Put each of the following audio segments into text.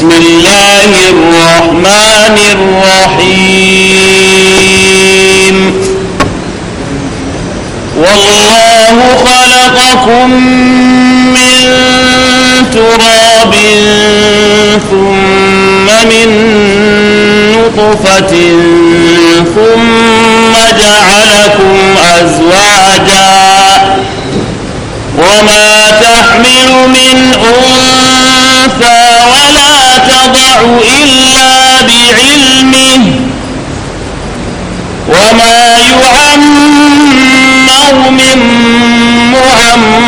بسم الله الرحمن الرحيم والله خلقكم من تراب ثم من نطفة ثم جعلكم أزواجا وما تحمل من أنثى يشفع إلا بعلمه وما يعمر من معمر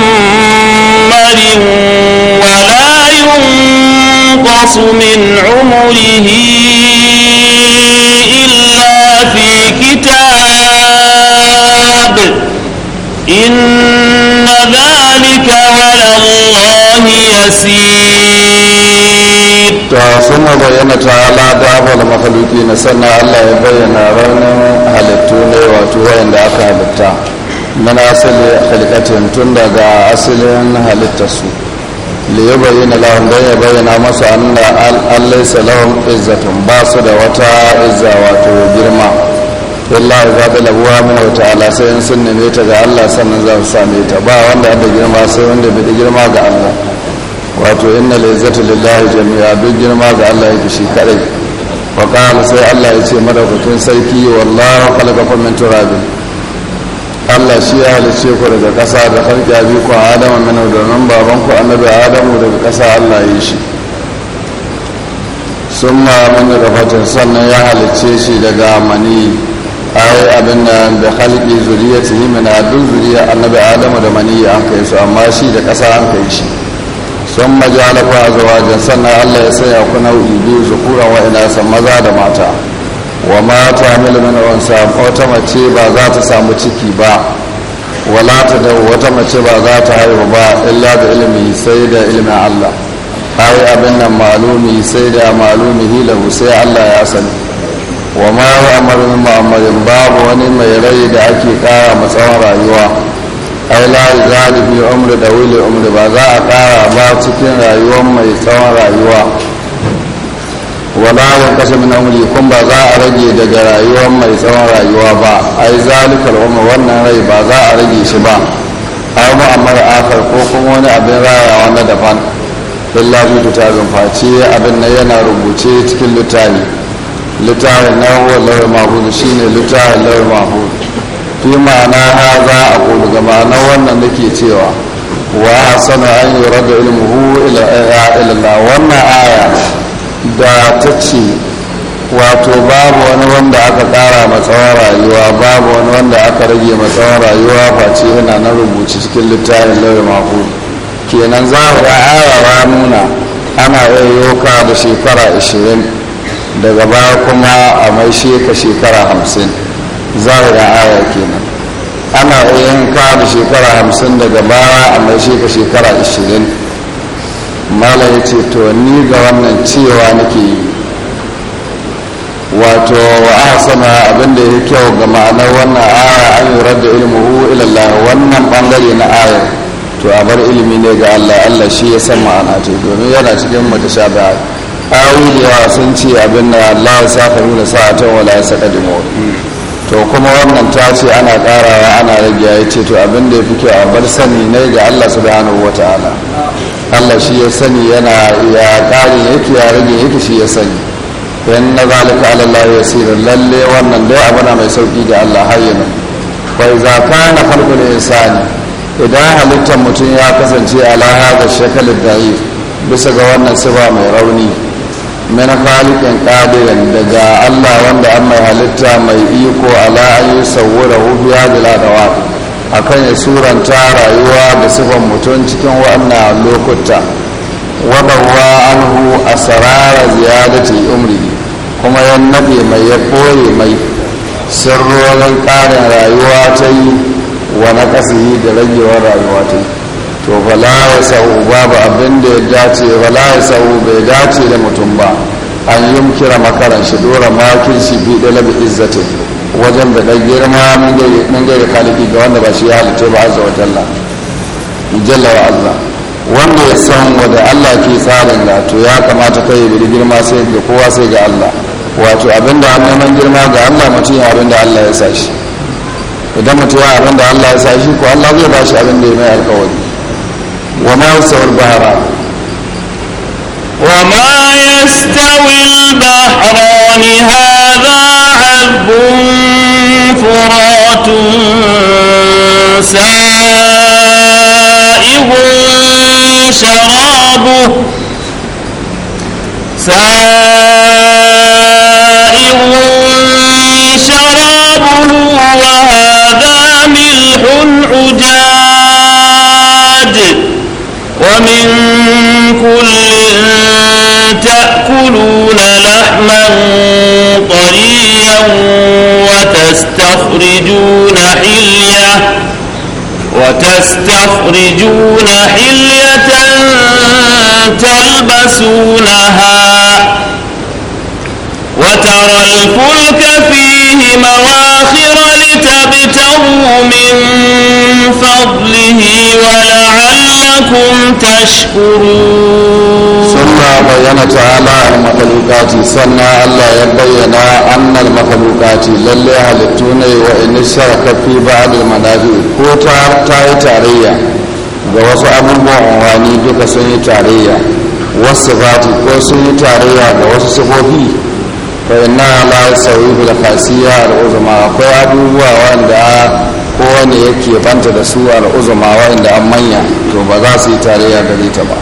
ولا ينقص من عمره إلا في كتاب إن ذلك على الله يسير to sun bayyana ta ala abal makhluki na sannan Allah ya bayyana raunin halittu ne wato wayanda aka halitta min asali halittatin tun daga asalin halittarsu li ya bayyana lahun don ya bayyana masu anna allai salahun izzatun ba su da wata izza wato girma illa za ta labuwa min wata ala sai in sun neme ta ga Allah sannan za su same ta ba wanda da girma sai wanda bai girma ga Allah wato inna lizzatu lillahi jami'a duk girma ga Allah yake shi kadai wa qala sai Allah ya ce madaukakin sarki wallahu khalaqakum min turabin Allah shi ya halice ku daga kasa da farki abi ku adama min domin baban ku annabi Adamu daga kasa Allah ya shi summa min rafatin sannan ya halice shi daga mani ai abin da da khalqi zuriyatihi min adu zuriya annabi Adamu da mani an kai su amma shi da kasa an kai shi sun majala a azwajin sannan Allah ya sanya ku nau'i biyu zukuran wa maza da mata wa mata milimin min wata mace ba za ta samu ciki ba wala ta da wata mace ba za ta haihu ba illa da ilimi sai da ilimin Allah ai abin nan malumi sai da malumi lahu sai Allah ya sani wa ma amarin ma'amarin babu wani mai rai da ake kara matsawar rayuwa ai la umri da umri umri ba za a kara ba cikin rayuwar mai tsawon rayuwa wala wa kasa min umri kun ba za a rage daga rayuwar mai tsawon rayuwa ba ai zalikal umri wannan rai ba za a rage shi ba ai da akar ko kuma wani abin rayawa na daban illa ta tutazun face abin nan yana rubuce cikin littafi littafin na huwa lawal mahfuz shine littafin lawal mahfuz fi ma'ana haza a kudu ga ma'ana wannan da ke cewa wa sana an yi rada ilmuhu ilallah wannan aya da ta ce wato babu wani wanda aka kara matsawar rayuwa babu wani wanda aka rage matsawar rayuwa ba ce yana na rubuci cikin littafin lauyi mako kenan za a ga aya nuna ana iya da shekara 20 daga ba kuma a mai sheka shekara 50 zahira aya kenan ana yin kada shekara hamsin daga baya a shi ka shekara ashirin mala ya ce to ni ga wannan cewa nake yi wato wa abinda ya kyau ga ma'anar wannan aya an yurar ilmi hu ilallah wannan bangare na aya to a bar ilimi ne ga Allah Allah shi ya san ma'ana ce domin yana cikin mutashabihat ayoyi da yawa sun ce abin da Allah ya sa fahimta sa'atan wala ya saka dimo to kuma wannan ta ce ana karawa ana rage ya ce to abin da ya fi kyau a bar sani ne ga Allah subhanahu wata'ala Allah shi ya sani yana ya kare yake ya rage yake shi ya sani yan na zalika ya sirri lalle wannan dai na mai sauki da Allah hayyana na farko kana ya insani idan halittar mutum ya kasance ala ga shakalin da'if bisa ga wannan sifa mai rauni min khaliqin qadirin daga Allah wanda an mai halitta mai iko ala an yusawwira hu bi akan ya suranta rayuwa da sifan mutum cikin wannan lokuta wa bawa a sarara ziyadati umri kuma 'yan nabi mai ya kore mai sirrorin ƙarin rayuwa ta yi wa na da ragewar rayuwa ta yi to fala ya sau babu abin da ya dace fala ya sau bai dace da mutum ba an yi kira makaran shi dora makin shi fi dalabi izzatin wajen da ɗan girma mun gaira kaliki ga wanda ba shi ya halitta ba azza wa jalla jalla wa allah wanda ya san wanda allah ke tsarin da to ya kamata kai bi girma sai ga kowa sai ga allah wato abinda an neman girma ga allah mutum ya abinda allah ya sa shi idan mutum ya abinda allah ya sa shi ko allah zai ba shi da ya mai alkawari وما يستوي البحران وما يستوي البحران هذا عذب فرات سائغ شرابه سائغ من كل تأكلون لحما طريا وتستخرجون حلية وتستخرجون حلية تلبسونها وترى الفلك فيه مواخر تبتغوا من فضله ولعلكم تشكرون ثم بين تعالى المخلوقات سنة الله يبين أن المخلوقات للي هلتوني وإن الشرك في بعض المنافع كوتا تاي تاريا ووسو أبو واني دوك سنة تاريا wasu ko sun yi tarayya da wasu sifofi fa inna la yusawibu da khasiyya al'uzuma akwai abubuwa wanda kowane yake banta da su al'uzuma wanda an manya to ba za su yi tarayya gare ta ba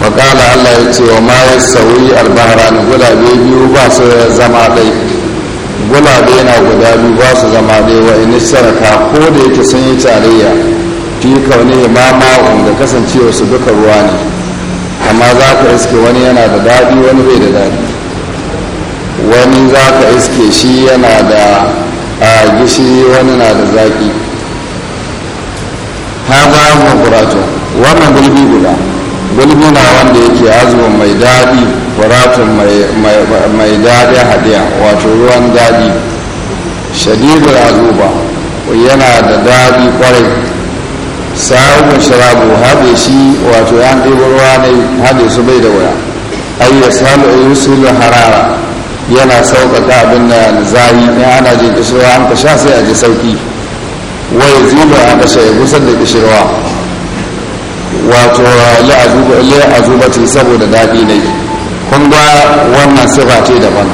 bakala allah ya ce wa ma ya sauyi albahara na gulabe biyu ba su zama dai gulabe na guda biyu ba su zama dai wa ina ko da yake sun yi tarayya fi kaune ma ma'un da kasancewa su duka ruwa ne amma za ka iske wani yana da daɗi wani bai da daɗi wani za ka iske shi yana da gishi wani na da zaki haza makuratu wannan gulbi guda gulbi na wanda yake azuwa mai daɗi furatun mai daɗi haɗiya wato ruwan daɗi shadidul azuba yana da daɗi kwarai sa'ubun sharabu haɗe shi wato yan ɗebo ruwa ne haɗe su bai da waya. ayyasa harara yana sauƙaƙa abin da zayi in ana jin kishirwa an ka sha sai a ji sauƙi wai zilu an ka ya gusar da kishirwa wato ce saboda daɗi ne kun ga wannan sifa ce daban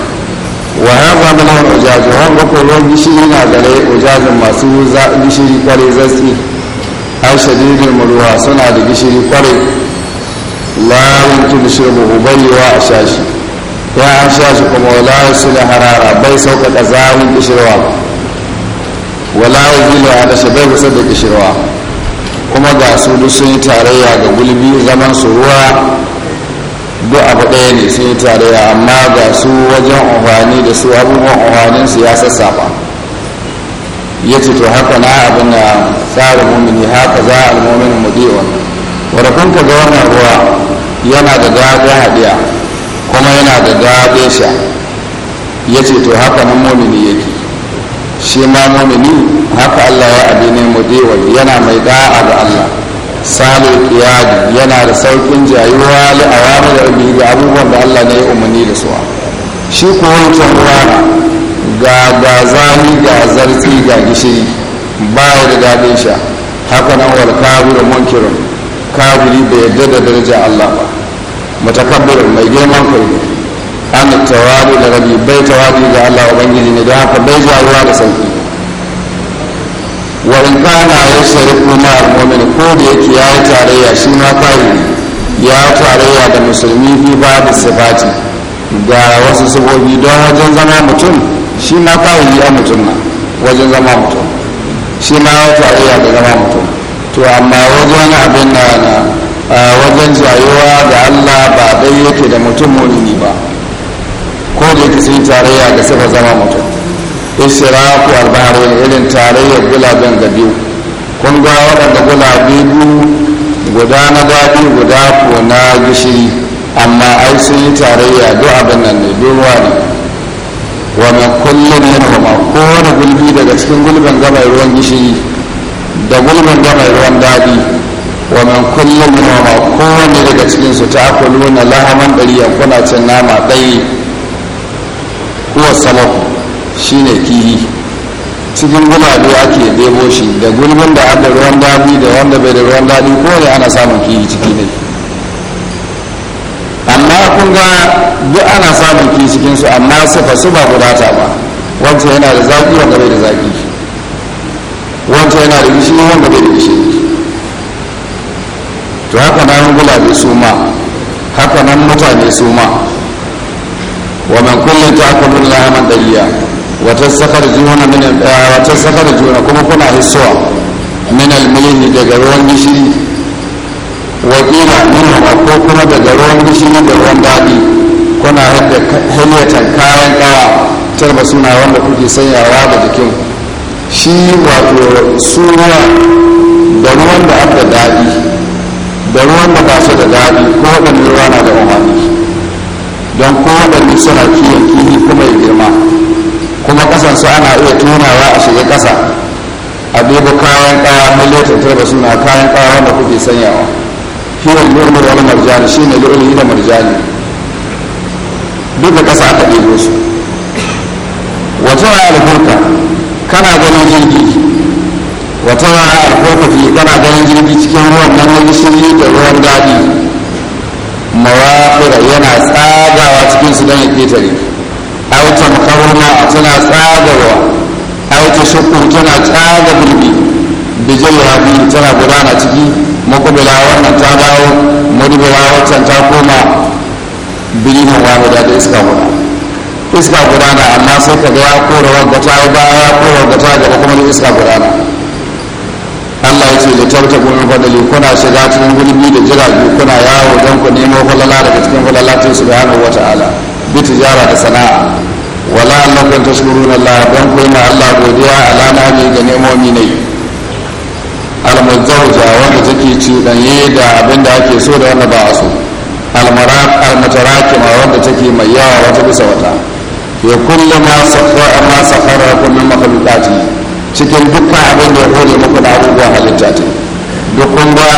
wa hadha min wani ujaj wani bakwai kullu gishiri na gare ujazin masu gishiri kware zasti ai shadidin murwa suna da gishiri kware la yantu bishrubu a shashi. ya an sha shi kuma wala yasu da harara bai sauƙaƙa zamun kishirwa wala wajilu a dashi bai kusa da kishirwa kuma ga su duk sun yi tarayya ga gulbi zaman su ruwa duk abu ɗaya ne sun yi tarayya amma ga su wajen amfani da su abubuwan amfanin su ya sassafa ya ce to haka na abin da tsarin mumini haka za a almomin mudiyon wadda kun ga wannan ruwa yana da gaga haɗiya. kuma yana da daɗin sha ya ce to haka nan momini yake shi ma momini haka allah ya abi ne mudewar yana mai da'a ga allah sale kiyadi yana da saukin jayuwa li da rabbi ga abubuwan da allah ne ya umarni da suwa shi ko wancan ruwa ga zani ga zartsi ga gishiri baya da daɗin sha haka nan wal kabiru munkirun kabiri bai yarda da daraja allah ba mutakabbirin mai girman kai an tawali da rabi bai tawali ga Allah ubangiji ne don haka bai jaruwa da sauki wa in kana yashriku al-mu'min ko da yake yayi tarayya shi ma kai ya tarayya da musulmi fi ba da sifati ga wasu sabobi don wajen zama mutum shi ma kawai ya mutum na wajen zama mutum shi ma ya tarayya zama mutum to amma wajen abin na wajen jayewa ga mutum mulini ba ko da yake sun tarayya da sifa zama mutum ishiraku albahari irin tarayyar gulaben ga biyu kun ga waɗanda gulabe biyu guda na daɗi guda ko na gishiri amma ai sun yi tarayya duk abin nan ne duk ruwa ne wa min kullum yanhuma kowane gulbi daga cikin gulben gamai ruwan gishiri da gulben gamai ruwan daɗi wa min kullum nama kowane daga cikinsu ta akuluna lahaman ɗari yankuna cin nama ɗaya kuwa sabaku shine kihi cikin gulabe ake ɗebo shi da gulbin da an da ruwan daɗi da wanda bai da ruwan daɗi kowane ana samun kihi ciki ne amma kun ga duk ana samun kihi cikinsu amma sufa su ba gudata ba wancan yana da zaƙi wanda bai da zaƙi wancan yana da gishiri wanda bai da gishiri to haka nan gulabe su ma haka nan mutane su ma wa man kullum ta lahaman dariya wata sakar juna min eh, wata sakar juna kuma kuna hisuwa min almilhi daga ruwan gishiri kila min ko kuma daga ruwan gishiri da ruwan daɗi kuna hanyar kayan kawa tarba suna wanda kuke sanyawa da jikin shi wato suwa da ruwan da aka daɗi da ruwan da su da daɗi ko waɗanne ruwa na da umarni don ko waɗanne suna kiyon kifi kuma ya girma kuma ƙasan su ana iya tunawa a shiga ƙasa a duba kayan ƙawa miliyotar tarba suna kayan ƙawa wanda kuke sanyawa hiwon lurmur wani marjani shi ne lurmur da marjani duka ƙasa aka ɗebo su wata wa kana ganin jirgi wata rana fi tana ganin jirgi cikin ruwan nan na gishiri da ruwan daɗi mawafira yana tsagawa cikin su don ya ƙetare auta makaruna tana tsagawa auta shukur tana tsaga birni da jawabi tana gudana ciki makubila wannan ta dawo madubila wancan ta koma birnin wahida da iska guda iska gudana amma sai ka ga ya kora wanda ta baya ya kora wanda ta gaba kuma iska gudana Allah ya ce da tartabu min fadali kuna shiga cikin gurbi da jirage kuna yawo don ku nemo falala daga cikin falalatin subhanahu ta'ala bi tijara da sana'a wala allakum tashkuruna Allah don ku yi Allah godiya ala da ga mi ne almuzawja wanda take yi da abin da ake so da wanda ba a so almutarakima wanda take mai yawa wata bisa wata ya kulle ma safara ma safara kullu makhluqati cikin dukkan abin da ya kone muku da abubuwa halitta ta duk ba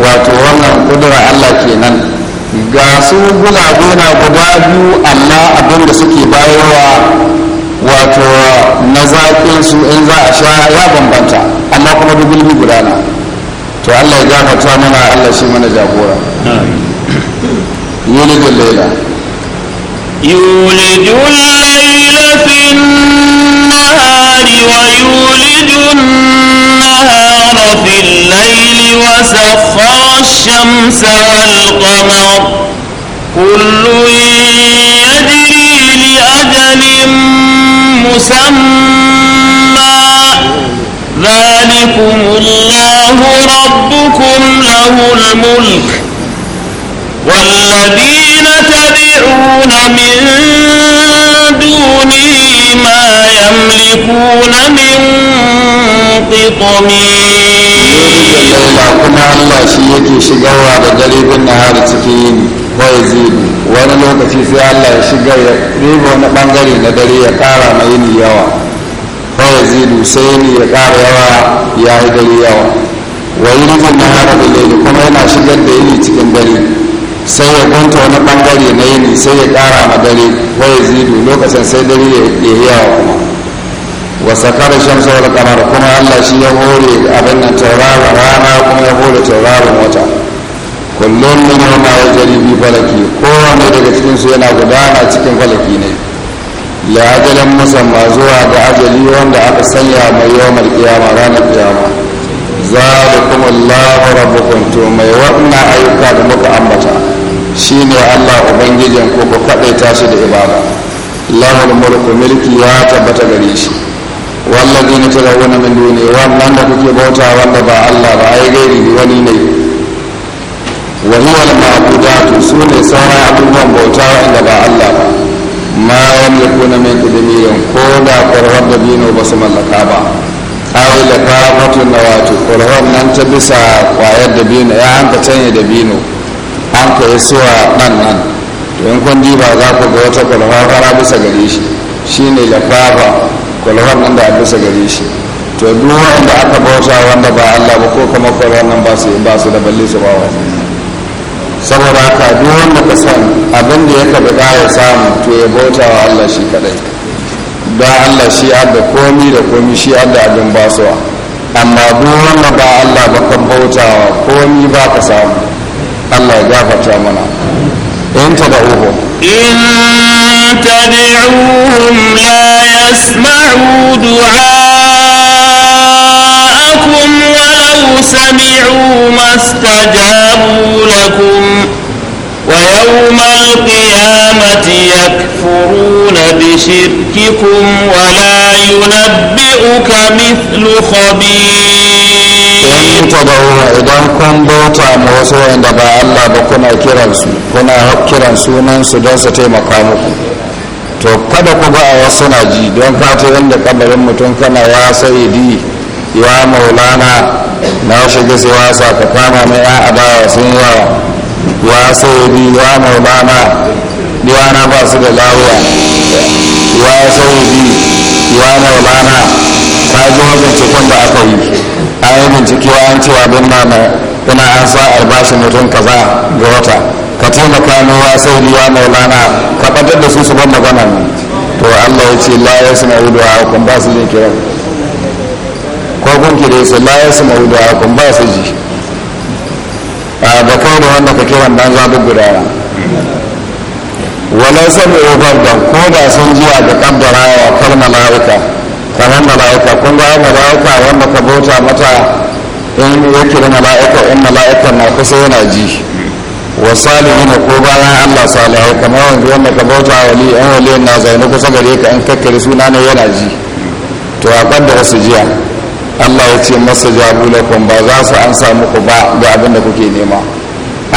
wato wannan kudura Allah kenan ga su guna na guda biyu amma abin da suke bayarwa wato na zaƙin su in za a sha ya bambanta amma kuma duk guda na to Allah ya gafarta mana Allah shi mana jagora da laila يولج الليل في النهار ويولج النهار في الليل وسخر الشمس والقمر كل يجري لأجل مسمى ذلكم الله ربكم له الملك والذين تدعون من دونه ما يملكون من قطمير Allah shi yake shigarwa da garibin nahari cikin yini ko wani lokaci sai Allah ya shiga ya riba wani bangare na dare ya kara na yini yawa ko ya zidu sai yini ya kara yawa ya yi dare yawa wa yi nufin nahari da kuma yana shigar da yini cikin dare sai ya kwanta wani bangare na yini sai ya kara ma dare waya zidu lokacin sai dare ya yi yawa kuma wasa kare sau da kamar kuma allah shi ya hore abin nan tauraron rana kuma ya hore tauraron wata kullum min yana ya jaribi falaki kowane daga cikinsu yana gudana cikin falaki ne ya ajalin musamman zuwa da ajali wanda aka sanya mai yawan kiyama ranar kiyama da kuma labarar bukuntu mai wannan ayyuka da muka ambata shi ne allah ubangijin ku ku kwaɗaita shi da ibada lahul mulku milki ya tabbata gare shi wallazi na tara wani min duni wannan da kuke bauta wanda ba allah ba ai gairi wani ne wa huwa al ma'budatu sune sauran abubuwan bauta wanda ba allah ba ma yamlikuna min qidmirin ko da qurrat da dino ba su mallaka ba awi da kafatun na wato qurrat nan ta bisa kwayar da bino ya hanka canye da bino an ka yi suwa ɗan nan to in kun ba za ku ga wata kwalfa fara bisa gare shi shi ne lafafa kwalfan nan da a bisa gare shi to duk wanda aka bauta wanda ba Allah ba ko kuma kwalfan nan ba su ba su da balle su ba wani saboda haka duk wanda ka san abin da ya kaɓi ya samu to ya bauta wa Allah shi kadai don Allah shi adda komi da komi shi adda abin basuwa amma duk wanda ba Allah ba kan bautawa komi ba ka samu Allah ya gafarta mana in tad'uhum in tad'uhum la yasma'u du'aakum walau sami'u mastajabu lakum ويوم القيامة يكفرون بشرككم ولا ينبئك مثل خبير in tadauna idan kun bauta ma wasu wanda ba Allah ba kuna kiransu kuna kiran sunansu don su taimaka muku to kada ku ba a wasu na ji don fata yadda kabarin mutum kana ya sayidi ya maulana na shiga sai wasa ka kama mai a adawa sun yawa wa bi wa maulana diwana ba su da lawiya waso bi wa maulana ta ji wajen cikin da aka yi a yi bincike an cewa don mana ina an sa albashin mutum kaza ga wata ka taimaka ni wa sayyidi mai lana ka ɓatar da su su ban magana to allah ya ce la ya suna yi da hakan ba su jin kiran ko kun da su la ya suna yi da hakan ba su ji ba kai da wanda ka kiran banza duk guda ya walau sabi ofardan ko da sun jiya da kabbara wa kar mala'ika kamar mala'ika kun ga mala'ika wanda ka bauta mata in ya kira mala'ika in mala'ika na kusa yana ji wa salihin ko bayan Allah salihu kamar wanda wanda ka bauta wali an wali na zaune kusa gare ka in kakkare suna ne yana ji to a da su jiya Allah ya ce masa jabu lakum ba za su an samu ku ba ga abin da kuke nema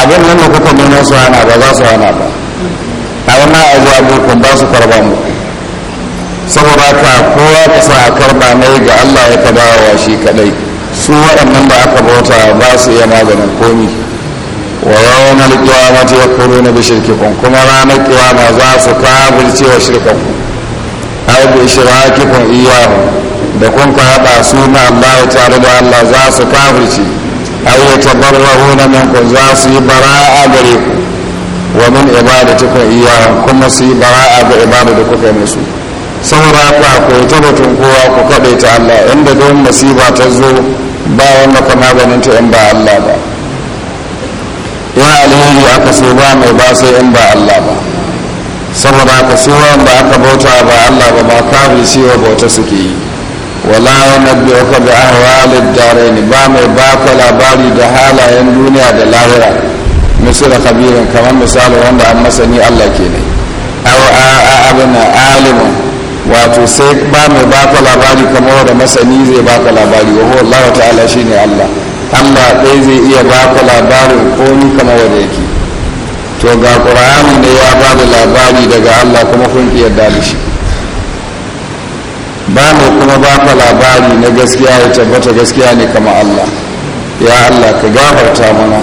abin nan da kuka nuna su hana ba za su hana ba a wannan abuwa bukun ba su karba mu saboda ka kowa ka sa a karba yi ga allah ya wa shi kadai su waɗannan da aka bauta ba su iya maganin komi wa yawon likiwa ta ya kuro na bishirkikun kuma ranar na za su kafirce wa ku. ai bi shirakikun iya da kun ka haɗa su na allah ya tare da allah za su kafirce aw yatabarrahuna minkum za su yi bara'a gare ku wa min ibadatikum iya kuma su yi bara'a ga ibada da kuka yi musu saboda haka ku yi tabbatun kowa ku kaɗaita Allah inda don masiba ta zo ba wanda kuma maganin ta in ba Allah ba ya alheri aka so ba mai ba sai in ba Allah ba saboda haka su wanda aka bauta ba Allah ba ba kafin ciwo bauta suke yi wala yunabbi'uka bi ahwalid ni ba mai baka labari da halayen duniya da lahira da kabirin kamar misali wanda an masani Allah ke ne aw abin alimun wato sai ba mai baka labari kamar wanda masani zai baka labari wa Allah ta'ala shine Allah Allah ɗaya zai iya baka labarin ni kamar wanda yake to ga ƙur'ani ne ya ba da labari daga Allah kuma kun yarda da shi ba ne kuma ba ka labari na gaskiya ya tabbata gaskiya ne kama Allah ya Allah ka gafarta mana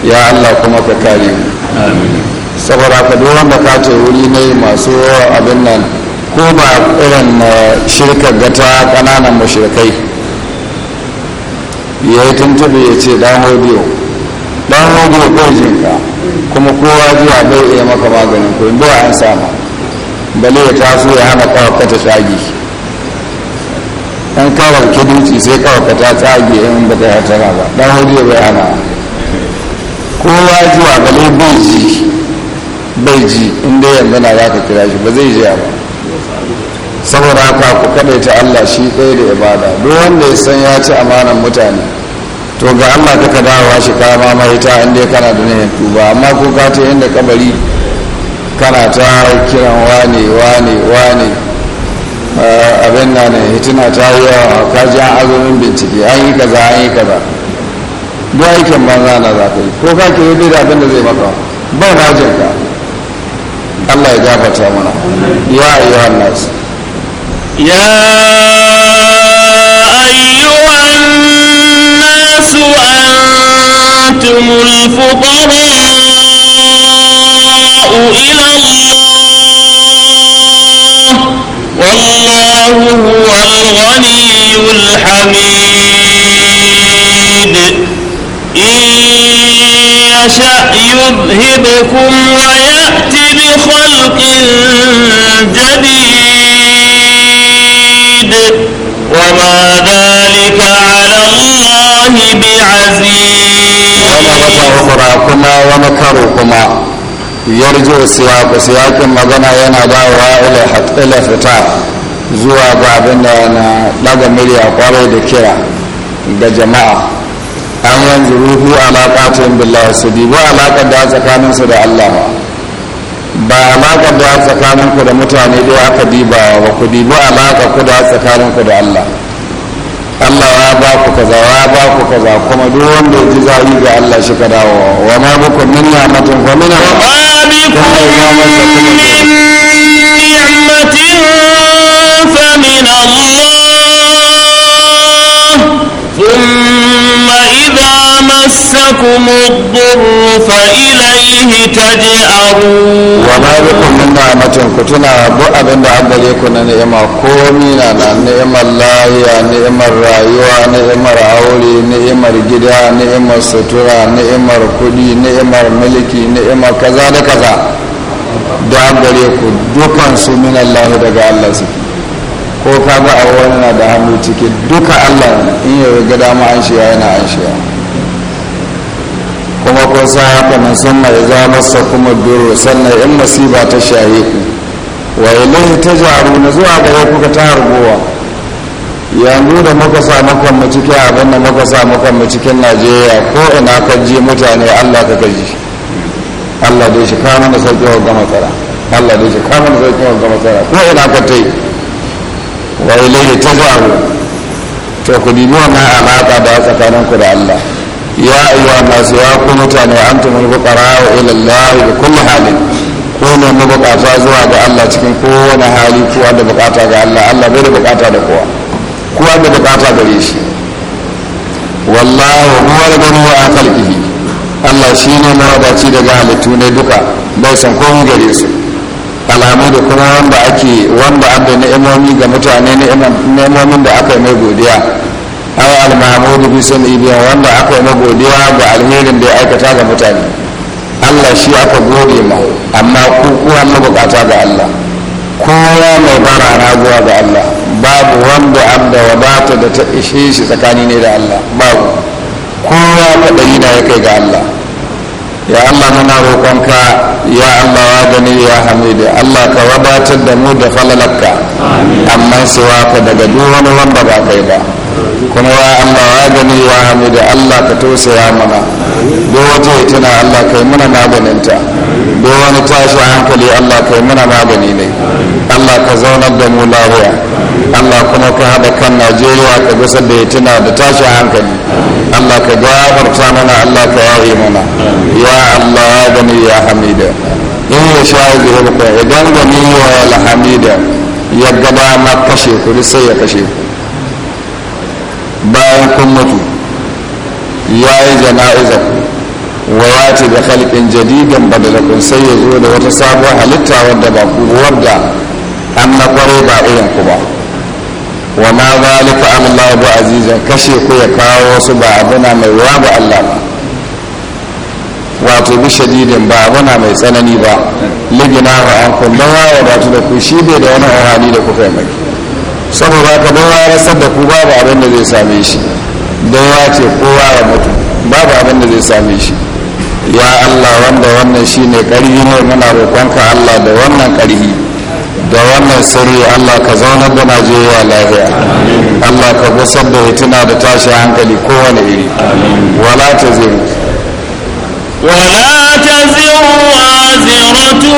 ya Allah kuma ka kare mu saboda ka doron da ka ce wuri ne masu abin nan ko ba irin eh, shirkar gata kananan mashirkai ya yi tuntube ya ce dan hodiyo dan hodiyo ko jinka kuma kowa jiya bai iya maka maganin ko bai an sama bale ya taso ya hana kawaka ta tsage ɗan kawar kidinci sai kawaka ta tsage yin ba ta hatara ba ɗan hudu ya bayana kowa zuwa bale bai ji bai ji inda yanzu na za ka kira shi ba zai ji ba saboda haka ku kaɗai ta allah shi ɗaya da ibada duk wanda ya san ya ci amanan mutane to ga allah ka dawowa shi kama mahita inda kana da nihin tuba amma ko ka ta inda kabari kana ta kiran wani wani wani abin na ne hituna ta yi yawa kaji an azumin bincike an yi kaza an yi kaza duk aikin banza na za ka yi ko ka ke yi da abin da zai maka ba na jin ka Allah ya gafata mana ya ayyuhan nas ya nasu an antumul fuqara إلى الله والله هو الغني الحميد إن يشأ يذهبكم ويأتي بخلق جديد وما ذلك على الله بعزيز ومرة أخرى كما ومكروا كما yarjo siyaku siyakin magana yana dawowa ila fita zuwa ga abin da yana daga murya kwarai da kira ga jama'a an yanzu ruhu alaƙatun billah su dibu alaƙar da tsakaninsu da allah ba alaƙar da tsakaninku da mutane ɗaya aka diba ba ku dibu alaƙar ku da tsakaninku da allah allah ya ba ku kaza ya ba ku kaza kuma duk wanda ya ji zai ga allah shi ka dawo wa ma bukun min ni'matin fa min بكم من نعمة فمن الله ثم إذا مسكم الضر فإليه waje aru wa ma bi kun min da matin ku tuna bu abin da an ku na ni'ima ko mi na na ni'imar lahiya ni'imar rayuwa ni'imar aure ni'imar gida ni'imar sutura ni'imar kudi ni'imar miliki ni'imar kaza da kaza da an gale ku dukan su min Allah daga Allah su ko kaga a na da hannu ciki duka Allah in yi gada ma an shiya yana an shiya kuma kun san haka nan sun mai za masa kuma duro sannan in masiba ta shaye ku wa ilaihi ta jaru na zuwa ga yau kuka ta harbowa yanzu da muka sa makon mu cikin abin da muka sa makon mu cikin najeriya ko ina ka ji mutane allah ka gaji allah dai shi kama na sauƙi wa gama tsara allah dai shi kama na sauƙi wa gama tsara ko ina ka ta yi wa ilaihi ta jaru to ku dibi wannan alaƙa da tsakaninku da allah ya ayyuha nasu ya ku mutane antumul fuqara karawa Allah bi kulli halin ko ne mabukata zuwa ga Allah cikin kowane hali kowa da bukata ga Allah Allah bai da bukata da kowa kowa da bukata gare shi wallahu huwa al-ghani wa khalqihi Allah shi shine mawadaci daga halittu ne duka bai san komai gare su alamu da kuma wanda ake wanda an da ni'imomi ga mutane ni'imomin da aka yi mai godiya awa al mahmud bi ibiya wanda akwai yi magodiya ga alherin da ya aikata ga mutane Allah shi aka gode ma amma ku kuwa mabukata ga Allah kowa mai bara raguwa ga Allah babu wanda abda wadata da ta ishe shi tsakani ne da Allah babu kowa yi na ya kai ga Allah ya Allah muna roƙonka ya Allah wa gani ya da Allah ka wadatar da mu da falalakka amma siwa ka daga duk wani wanda ba kai ba kuma ya Allah wa gani wa hamida Allah ka tausaya mana duk wata tana Allah kai muna maganinta duk wani tashi hankali Allah kai muna magani ne Allah ka zaunar da mu lafiya Allah kuma ka haɗa kan Najeriya ka gusa da tana da tashi hankali Allah ka gafarta mana Allah ka yaye mana ya Allah ya gani ya hamida in ya sha idan gani ya hamida ya gaba ma kashe kuri sai ya kashe ku bayan kun mutu ya yi jana'iza wa ya ce da halƙin jadidan badalakun sai ya zo da wata sabuwar halitta wadda ba ku wadda an na kwarai ba irin ku ba wa na zalika amalla ba azizan kashe ku ya kawo wasu ba abuna mai yawa ba Allah ba wato bi shadidin ba abuna mai tsanani ba ligina ba an kun ya wadatu da ku shi bai da wani orani da kuka yi saboda ka don ya rasar da ku babu abin da zai same shi don ya ce kowa ya mutu babu abin da zai same shi ya allah wanda wannan shi ne ƙarfi ne muna roƙonka allah da wannan ƙarfi da wannan sirri allah ka zauna da najeriya lafiya allah ka gusar da hituna da tashi hankali kowane iri wala ta zai ولا تزر وازرة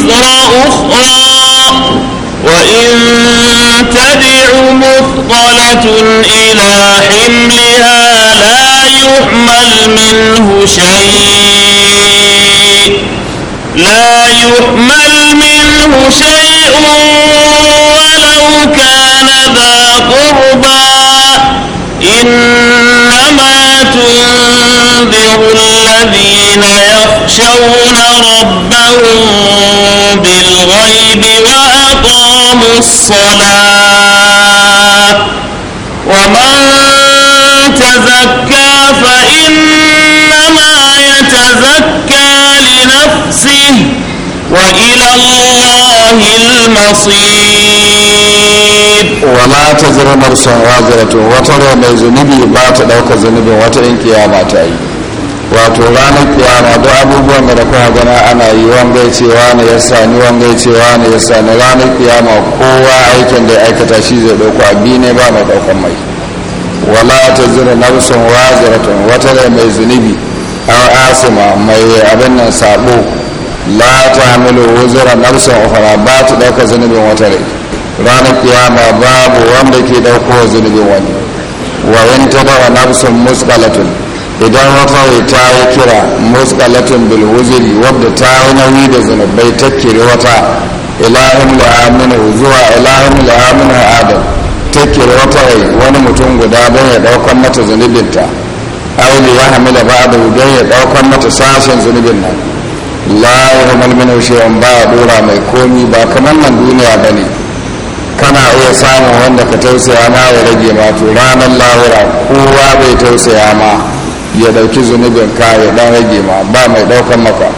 وزر أخرى وإن تدع مثقلة إلى حملها لا يحمل منه شيء لا يحمل منه شيء ولو كان ذا قربى إنما تنذر الذين يخشون ربهم بالغيب أقاموا الصلاة ومن تزكى فإنما يتزكى لنفسه وإلى الله المصير ولا تزر نفس وازرة وترى من ذنبي بات دوك ذنبي وترى انكيا باتاي wato ranar kiyama duk abubuwan da kuka gana ana yi wanga ya ce wani ya sani wanga ya ce wani ya sani ranar kiyama kowa aikin da ya aikata shi zai dauka bi ne ba mai ɗaukan mai wala ta zira nafsun waziratun wata da mai zunubi an asima mai abin nan sabo la ta hamilu wuzura nafsun ofara ba ta ɗauka zunubin wata rai ranar kiyama babu wanda ke ɗauko zunubin wani wa in ta dawa nafsun musqalatun idan wata ta yi kira muskalatin bilwuziri wadda ta yi nauyi da zunubai ta kiri wata ilahun la'amina zuwa ilahun la'amina adam ta kiri wata wani mutum guda don ya daukan mata zunubinta auli ya hamila ba da don ya daukan mata sashen zunubin nan la malmina min shay'un ba dora mai komi ba kamar nan duniya ne kana iya samun wanda ka tausaya ma ya rage ma to ranar lahira kowa bai tausaya ma ya dauki zunubin ka ya dan rage ma ba mai daukan maka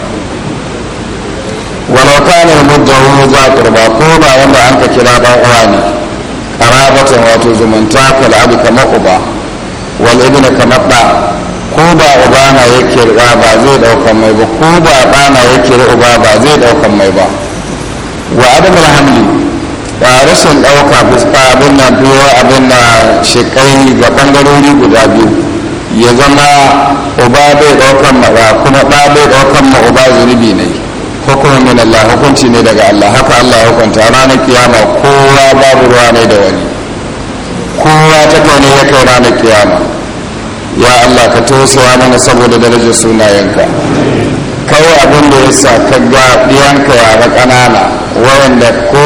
walau kana wani za kurba ko ba wanda an ka kira dan uwa ne karabatan wato zumunta kal abu kamar uba wal ibnu kamar ɗa. ko ba uba na yake riba ba zai daukan mai ba ko ba ba na yake uba ba zai daukan mai ba wa adam alhamdi ba rashin dauka fuska abin nan biyo abin na shekai ga bangarori guda biyu ya zama uba bai daukan maza kuma ba bai daukan ma uba zunubi ne hukumin min Allah hukunci ne daga Allah haka Allah ya hukunta ranar kiyama kowa babu ruwa ne da wani kowa ta kaune ya kai ranar kiyama ya Allah ka tausaya mana saboda darajar sunayenka kai abin da ya sa ka ga ɗiyanka yara ƙanana wayanda ko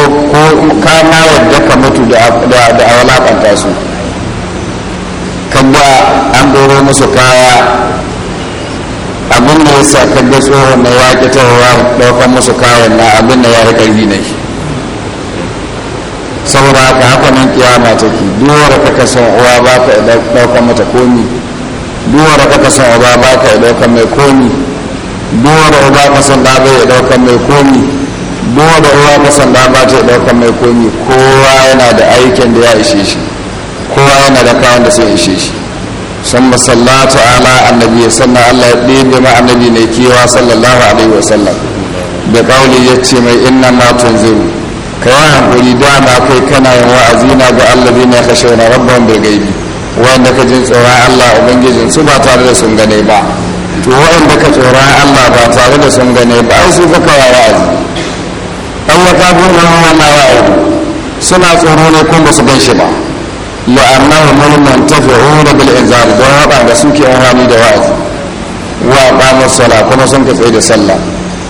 ka ma yadda ka mutu da a walakanta su kagwa an doro musu kaya abin da ya sa kagga tsohon mai waƙi wa ɗaukan musu kayan na abin da ya yi na ne saboda haka haka nan kiyama take duwar ka ka son uwa ba ka ɗaukan mata komi duwar ka ka son uba ba ka ɗaukan mai komi duwar uba ka son da ya ɗaukan mai komi duwar uwa ka son da ba ta ɗaukan mai komi kowa yana da aikin da ya ishe shi kowa yana da kayan da sai ishe shi sun masallatu ala annabi sannan allah ya ɗebe ma annabi mai kewa sallallahu alaihi wasallam da kauli ya ce mai inna na kai ka yi da dama kai kana yin wa'azi na ga allabi na kashe na rabban bai gaibi wanda ka jin tsoron allah ubangijin su ba tare da sun gane ba to wa'anda ka tsoron allah ba tare da sun gane ba ai su ka kawo wa'azi an wata gudun wannan wa'azi suna tsoro ne kuma su gan shi ba la'annahu mulman tafi'una bil inzar don waɗanda suke hali da wa'azi wa qamu sala kuma sun ka tsaye da sallah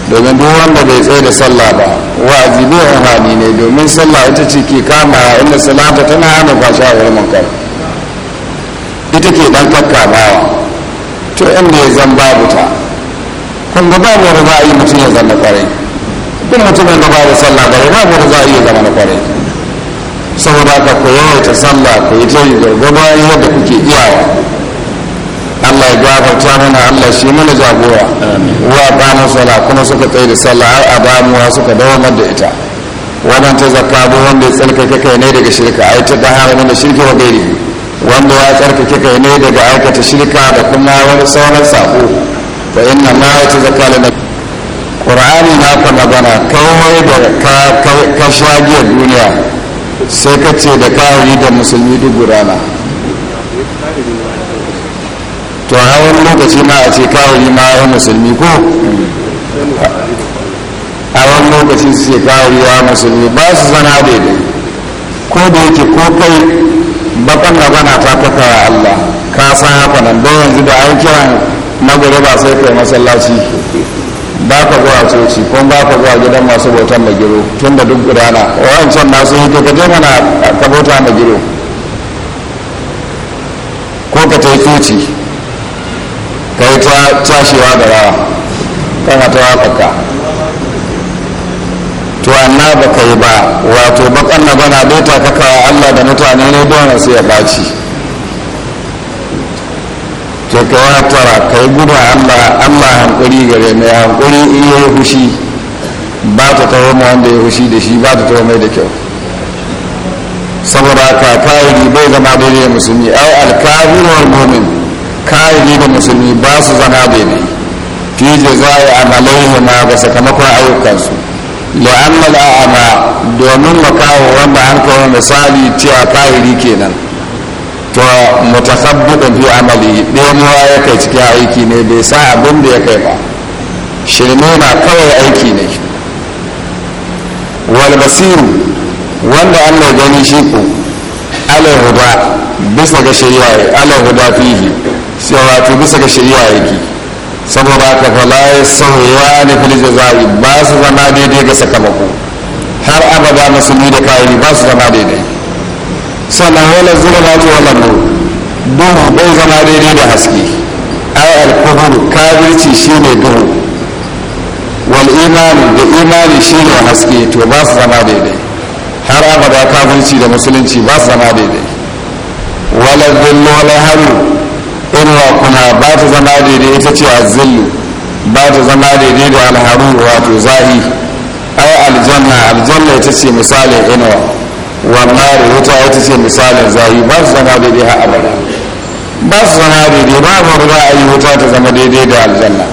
domin duk wanda bai tsaye da sallah ba wa'azi bai hali ne domin sallah ita ce ke kama inda salata tana hana a wa munkar ita ke dan kakkabawa to inda ya zan babu ta kun ga babu ra'ayi mutum ya zama kwarai duk mutumin da babu sallah ba babu ra'ayi ya zama na kwarai saboda ka ku ta sallah ku yi ta yi gargaba yadda kuke iyawa Allah ya gafarta mana Allah shi mana jagora wa qamu sala kuma suka tsaye da sallah har abamuwa suka dawamar da ita wannan ta zakka duk wanda ya tsarkake kai ne daga shirka ai ta da hawa da shirka wa gari wanda ya tsarkake kai ne daga aikata shirka da kuma wani sauran sako fa inna ma ya ta zakka lana qur'ani na fa magana kawai da ka ka shagiya duniya sai ka ce da kawai da musulmi duk gudana to a wani lokaci ma a ce kawai ma ya musulmi ko a wani lokaci su ce kawai ya musulmi ba su zana daidai ko da yake ko kai na bana ta wa Allah ka san haka nan don yanzu da an na gobe ba sai kai masallaci ba ka zuwa coci ko ba ka zuwa gidan masu bautan magiro tun da duk gudana wancan masu hito ka je mana ka bauta magiro ko ka ta yi coci ka yi cashewa da rawa kan ta waƙaƙa to anna ba ka yi ba wato bakan na bana bai takakawa allah da mutane ne don su ya ɓaci sai ka yi hattara ka yi gudu allah allah hankuri gare mai hankuri in yi hushi ba ta taho ma wanda ya hushi da shi ba ta taho mai da kyau saboda ka kayiri bai zama daidai da musulmi ai alkafiru wal mu'min kayiri da musulmi ba su zama daidai fi yi amalaihi ma ga sakamakon ayyukansu a a'ama domin makawo wanda an kawo misali cewa kayiri kenan to mutasabbiqun fi amali ɗemuwa ya kai cikin aiki ne bai sa abin da ya kai ba shirme na kawai aiki ne wal basir wanda Allah gani shi ku alai huda bisa ga shari'a alai huda fihi sai wato bisa ga shari'a yake saboda ka fala ya sauya ne fil jazai ba su zama daidai ga sakamako har abada musulmi da kayi ba su zama daidai sannan wala zulmatu wala nur duhu bai zama daidai da haske ai kabirci shi shine duhu wal imani da imani shine haske to ba su zama daidai har abada kabirci da musulunci ba su zama daidai wala zillu wala haru inuwa kuna ba ta zama daidai ita ce azillu ba ta zama daidai da alharu wato zahi ai aljanna aljanna ita ce misali inuwa wannan wuta wata ce misalin zahi ba su zama daidai ha abada ba su zama daidai ba mu ruwa a yi wuta ta zama daidai da aljanna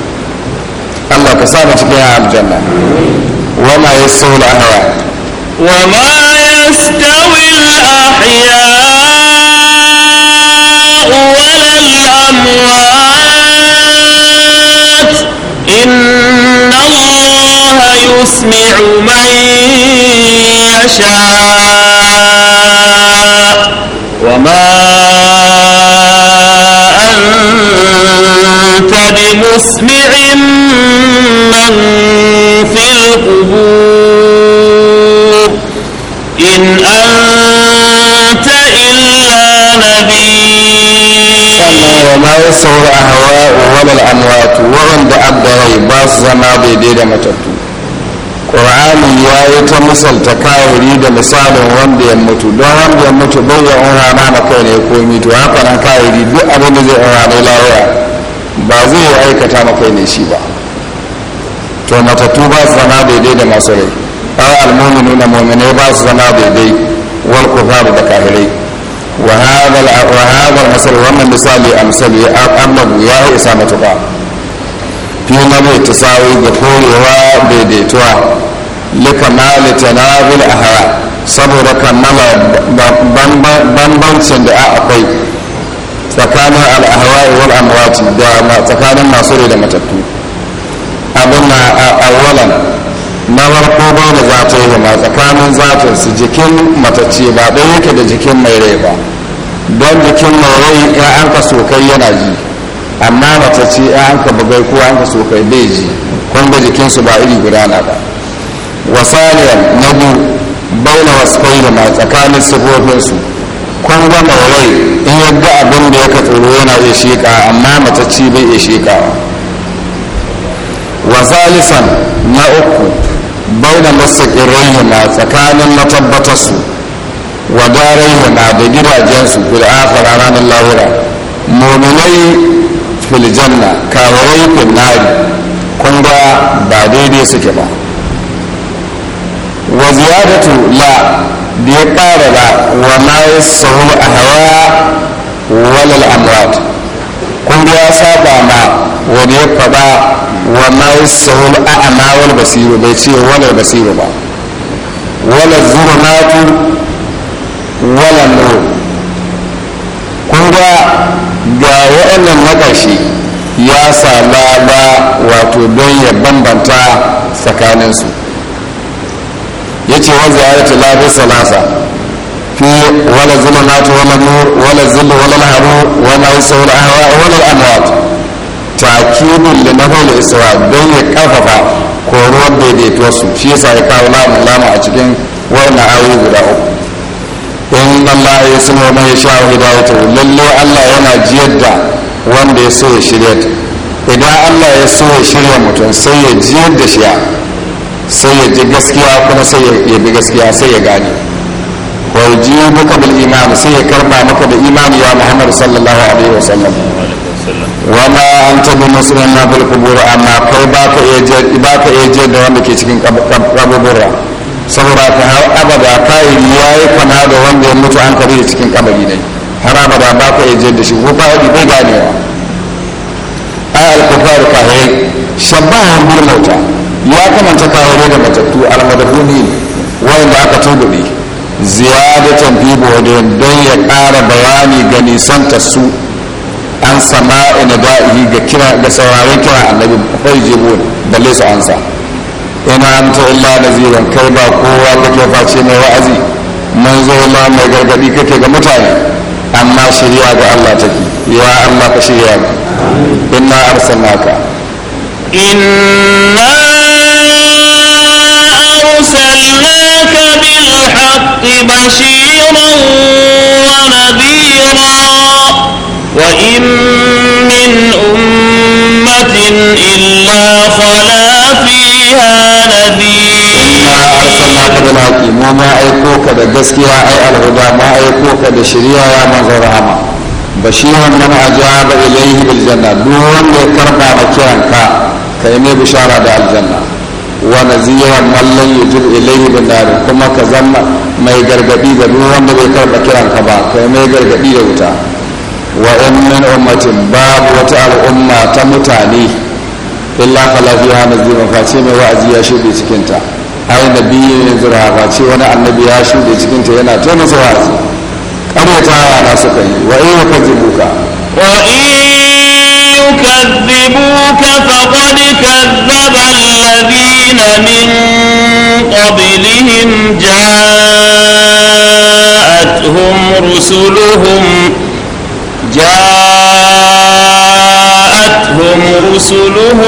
allah ka samu cikin aljanna wama ya saula hawa wama ya stawi al'ahiya walal amwat inna allah yusmi'u man yasha وما أنت بمسمع من في القبور إن أنت إلا نبي وما يسعر أهواء ولا الأموات وعند أبدالي باس زمان بيدي متب ƙur'ani ya yi ta misalta kawuri da misalin wanda ya mutu don wanda ya mutu bai ya rana na kai ne ko to haka nan kawuri duk abin da zai rana lafiya ba zai yi aikata na kai ne shi ba to matattu ba su zama daidai da masu rai ai almominu na mominai ba su zama daidai wal kufaru da kahirai wa hadha al-masal wannan misali amsali babu ya isa matuka fi ta sawi ga korewa daidaituwa likamali tanazul ahara saboda kammala bambancin da a akwai tsakanin al'ahawai wal amwati da tsakanin masu rai da matattu abin na awalan na farko ba da zata yi ma tsakanin zatin su jikin matacce ba ɗaya yake da jikin mai rai ba don jikin mai rai ya an ka sokai yana ji amma mace ce an ka bugai ko an ka so kai bai ji kun ga jikinsu ba iri guda ba Wasaliyar na biyu bauna wasfai da na tsakanin sifofinsu kun ga maurai in yadda abin da ya ka tsoro yana iya sheka amma mace ce bai iya shekawa wasalisan na uku bauna masakirai ma tsakanin matabbatarsu wa darai ma da gidajensu fil akhirah ranar lahura muminai filjanna janna kawarai fil nari kun ga ba daidai suke ba wa ziyadatu la da ya ƙara ba wa ma a hawa walal amrat kun ga ya saba ma wani ya faɗa wa ma yasahul a'ma wal basiru bai ce walal basiru ba wala zulumatu wala nur kun ga da wa'annan makashi ya saba ba wato don ya bambanta tsakaninsu ya ce wanzu ya yi tulabi salasa fi wala zuma natu wala nur wala zuma wala laharu wala a wani wala ta kibin da na hula isra don ya kafafa koruwar daidaituwarsu shi yasa ya kawo lamun lama a cikin wannan ayoyi guda uku in Allah ya samu mai sha hidayatu lalle Allah yana jiyar da wanda ya so ya shirya idan Allah ya so ya shirya mutum sai ya jiyar da shi sai ya ji gaskiya kuma sai ya bi gaskiya sai ya gane wa jiyar muka bil iman sai ya karba maka da imani ya Muhammad sallallahu alaihi wa sallam. wama an tabi musulun na bil kubur amma kai ka iya jiyar da wanda ke cikin kaburbura saboda ka hau abada ya yi kwana da wanda ya mutu an kare cikin kamari ne har abada ba ka iya da shi ko ba haɗi bai ganewa ai alkufar kahirai shabbahan murmauta ya kamanta kahirai da matattu almadabuni wanda aka tubuɗe ziyadatan fi bodin don ya ƙara bayani ga nisanta su an sama ina da'ihi ga kira ga sauraron kira annabi kwai jebo balle su ansa ina anta illa naziran kai ba kowa kake face mai wa'azi manzo ma mai gargadi kake ga mutane amma shirya ga Allah take ya Allah ka shirya mu inna arsalnaka inna arsalnaka bil haqqi bashiran wa nadhira wa in min ummatin illa khala fiha biha nadhir inna arsalnaka bil haqqi mu ma aiko ka da gaskiya ai alhuda ma aiko ka da shari'a ya manzon rahama bashiran man ajaba ilayhi bil janna duk wanda ya karba ma kiranka kai ne bishara da aljanna wa naziran man lam yujib ilayhi bin nar kuma ka zama mai gargadi ga duk wanda bai karba kiranka ba kai mai gargadi da wuta wa in ummatin babu wata al'umma ta mutane illa kala biya nazira face mai wa'azi ya shuɗe cikinta ai nabiyin nazira face wani annabi ya shuɗe cikinta yana ta masa wa'azi ƙaryatawa na suka yi wa in ka jibuka wa in yukadhibuka faqad kadhaba alladhina min qablihim ja'atuhum rusuluhum ja'atuhum هم رسلهم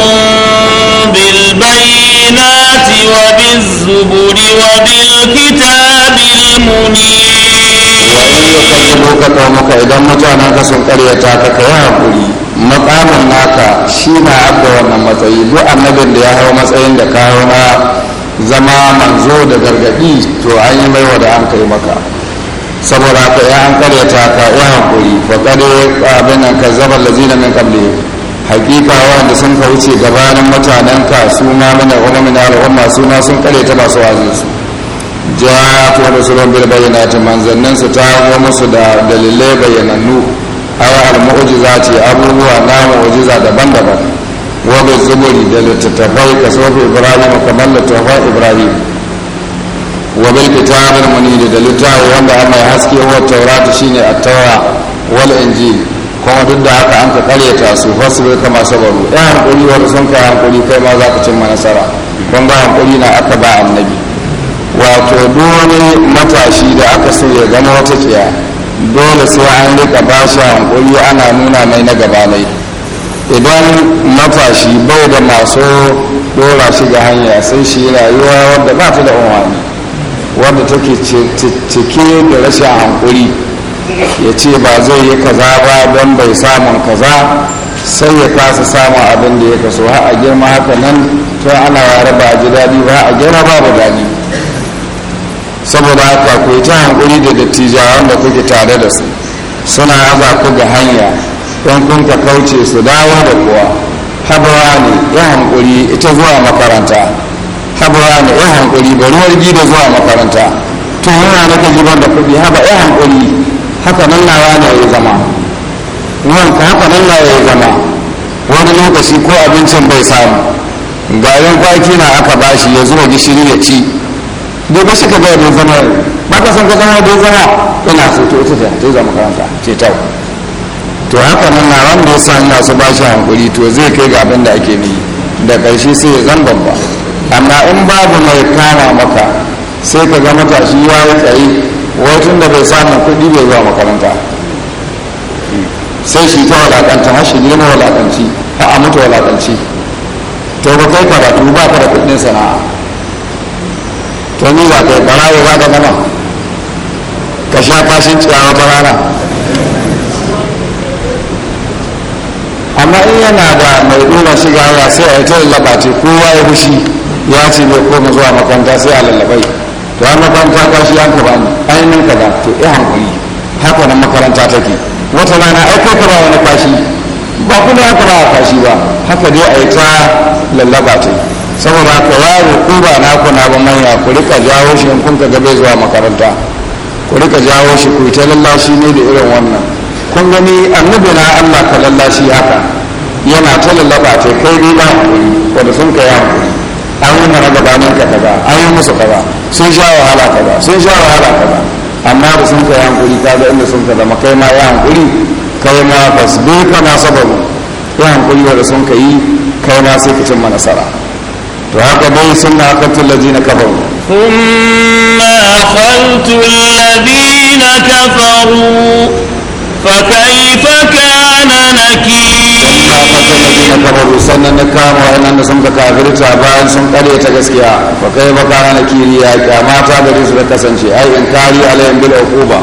بالبينات وبالزبر وبالكتاب المنير وإن قومك إذا متعناك سنقريتك كيابري naka shi na abda wannan matsayi duk annabin da ya hau matsayin da kawo na zama manzo da gargadi to an yi maiwa da an kai maka saboda ka ya an karyata ka ya hankuri fa kare abin nan ka zaba lazina min qablihim hakika wanda sun ka wuce gabanin mutanen ka suna mana wani mina al'umma suna sun kare ta masu waje su ja ta da suron bil bayyanati manzannin su ta zo musu da dalilai bayyanannu awa al-mu'jiza ce abubuwa na mu'jiza daban-daban wa bi zuburi da littattafai ka sofi ibrahim kamar littattafai ibrahim wa bil kitabin munir da littafi wanda amma haske wa taurata shine at tawra wal injil kuma duk da haka an ka karyata su fasu bai kama sabaru ɗan hankuli wani sun kai hankuli kai ma za ka cimma nasara don ba hankuli na aka ba annabi wato dole matashi da aka so ya zama wata kiya dole sai an rika ba shi hankuli ana nuna mai na gaba mai idan matashi bai da masu dora shi ga hanya sai shi rayuwa wadda ba ta da umarni wadda take cike da rashin hankuli ya ce ba zai yi kaza ba don bai samun kaza sai ya kasa samun abin da ya kaso ha a girma haka nan to ana yare ba a ji daɗi ba a ba babu daɗi saboda haka ku yi ta hankuri da dattijawan wanda kuke tare da su suna yaba ku ga hanya don kun ka kauce su dawo da kuwa habawa ne ya hankuri ita zuwa makaranta habawa ne ya hankuri bari wargi da zuwa makaranta to yana da ka jibar da kuɗi haba ya hankuri haka nan nawa ne ya zama haka nan nawa ya zama wani lokaci ko abincin bai samu garin kwaki na aka bashi ya zuwa gishiri ya ci gobe shi ka gaya don zama ba ka san ka zama don zama ina su to ita ta ta zama karanta ce ta to haka nan na wanda ya san na su bashi hankuri to zai kai ga abin da ake bi da ƙarshe sai ya zan babba amma in babu mai kana maka sai ka ga matashi ya yi tsaye wajen da bai samun kudi bai zuwa makaranta sai shi ta walakanta har shi nema walakanci ta a walakanci to ba kai karatu ba ka da kudin sana'a to ni za ka yi barawo za ka gama ka sha kashin ciyawa ta rana amma in yana da mai ɗora shiga ya sai a yi ta lallaɓa kowa ya fushi ya ce bai koma zuwa makaranta sai a lalabai to an makaranta ta shi an ka ni ainihin kaza to ya hankali haka nan makaranta take wata rana ai kai ka ba wani kashi ba kuma ya ba ba kashi ba haka dai a yi ta lallaba ta saboda haka yaro ko ba na kuna ba manya ku rika jawo shi in kun ka gabe zuwa makaranta ku rika jawo shi ku ta lallashi ne da irin wannan kun gani annabi na Allah ka lallashi haka yana ta lallaba ta kai ne ba hankali wanda sun ka yi hankali an yi mana gabanin ka kaza an yi musu kaza sun sha wahala kaza sun sha wahala kaza amma da sun kai hankuri ka ga inda sun ka zama kai ma ya hankuri kai ma fasbe kana sababu ya hankuri da sun ka yi kai ma sai ka cin ma nasara to haka dai sun na akantun lajina kafaru ثم أخذت الذين كفروا فكيف كان نكير sannan na kama waɗanda sun ka kafirta bayan sun ƙare ta gaskiya fa kai ba kana na kiri ya kyamata gare su da kasance ai in kari alayhim bil uquba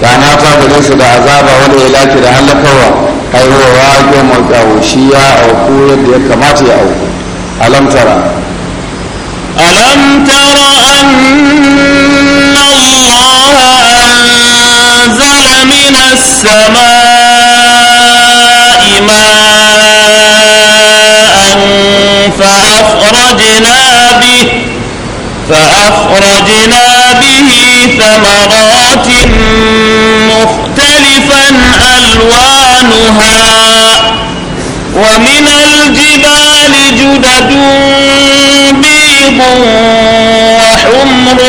kyamata gare su da azaba wanda ya laki da halakawa ai huwa waqi'un shi ya auku yadda ya kamata ya auku ألم تر أن الله أنزل من السماء ماء فأخرجنا به فأخرجنا به ثمرات مختلفا ألوانها ومن الجبال جدد بيض وحمر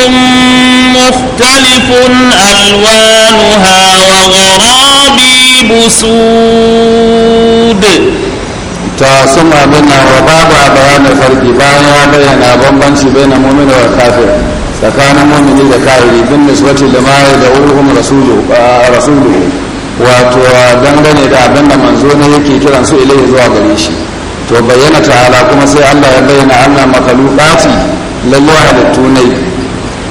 مختلف ألوانها وغرابيب سود تاسم أبنا وباب بيان الفرق بايا بيانا بمبان شبين مؤمن وكافر فكان مؤمن إذا كافر بالنسبة لما يدعوهم رسوله رسوله وتوى dangane da abin كي ترنسو إليه ذو kiran to bayyana ta'ala kuma sai Allah ya bayyana annan makalukati lallo halittu tunai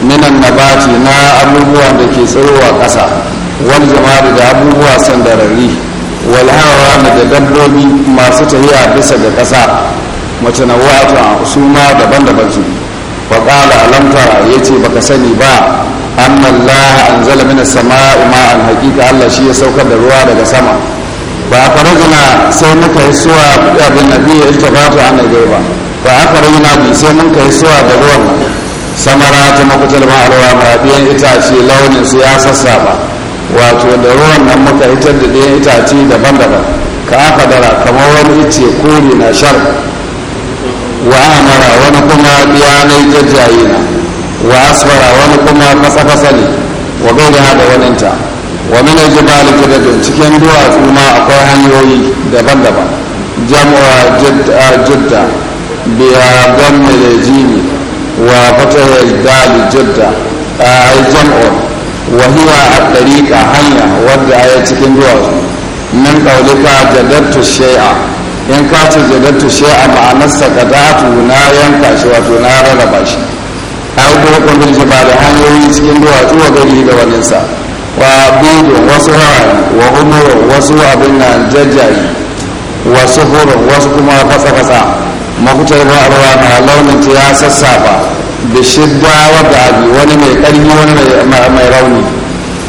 minan nabati na abubuwan da ke tsirowa ƙasa wani jama'a da abubuwa sandarari hawa da dabbobi masu tafiya bisa ga ƙasa mace na wata su ma daban-daban su faƙala alamta ya ce baka sani ba annan la an zala mina sama'i ma'an hakika Allah shi ya saukar da ruwa daga sama ba a zina sai muka yi suwa abin na biyu ita ba ta ana gai ba a zina bi sai mun yi suwa da ruwan samara ta makutar ma'arwa ma biyan itace launin su ya sassa ba wato da ruwan nan muka hitar da biyan itace daban-daban ka aka dara kamar wani ice kuri na shar wa amara wani kuma biyanai jajjaye na wa asfara wani kuma kasa-kasa ne wa gaida da waninta wa min al-jibal jidadun cikin duwatsu ma akwai hanyoyi daban-daban jam'a jidda jidda biya dhammi al-jimi wa fatah al-dal jidda ay jam'un wa hiya at-tariqa hanya wadda a yi cikin duwatsu min qawlika jadattu shai'a in ka ce jadattu shay'a ma'anarsa kadatu na yanka shi wato na rarraba shi a ai ko kun jibal hanyoyi cikin duwatsu wa gari da waninsa wa budun wasu harari wa umurin wasu abin na jajjayi wasu hurin wasu kuma fatsa-fatsa makutar ruwa na launin ta ya sassafa da shidda wadda abi wani mai karni wani mai rauni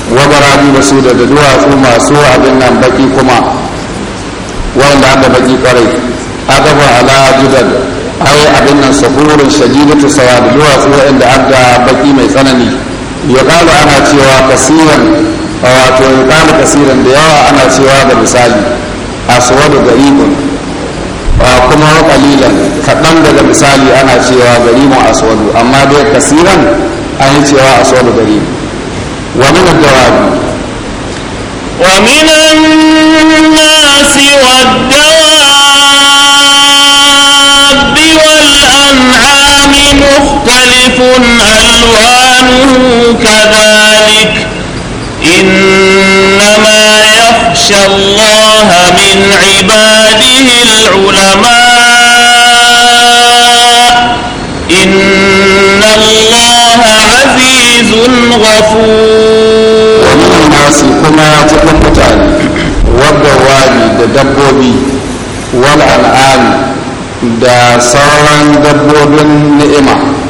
wabarani da su da duwatsu masu abin nan baki kuma wanda aka baki kwarai aka ba ala jidar ai abin nan sahurin shadidatu sawa da duwatsu wa'anda aka baki mai tsanani ya kala ana cewa kasiran wato ya kala kasiran da yawa ana cewa da misali a aswadu garibun kuma kalilan kaɗan daga misali ana cewa garibun aswadu amma dai kasiran an yi cewa a aswadu garibun wa min dawabi wa min الناس والدواب والأنعام مختلف مختلف ألوانه كذلك إنما يخشى الله من عباده العلماء إن الله عزيز غفور ومن الناس كما تقوم والدوالي دبوبي والأنعام da sauran dabbobin ni'ima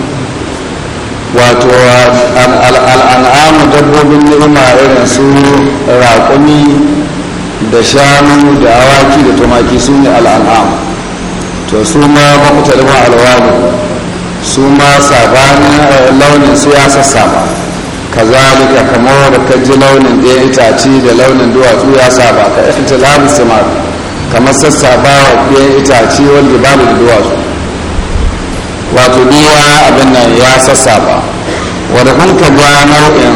wato al'an'amu dabbobin nirma irin su raƙumi da shanu da awaki da tumaki su ne al'an'amu to su ma makuta da ma'alwani su ma sabanin eh, launin su ya sassaba kazalika kamar da ji launin ɗaya itace da launin duwatsu ya saba ka ita labu samar kamar wa ɗaya itace wanda ba da duwatsu wato biya abin nan ya sassaba wadda kan ka ga nau'in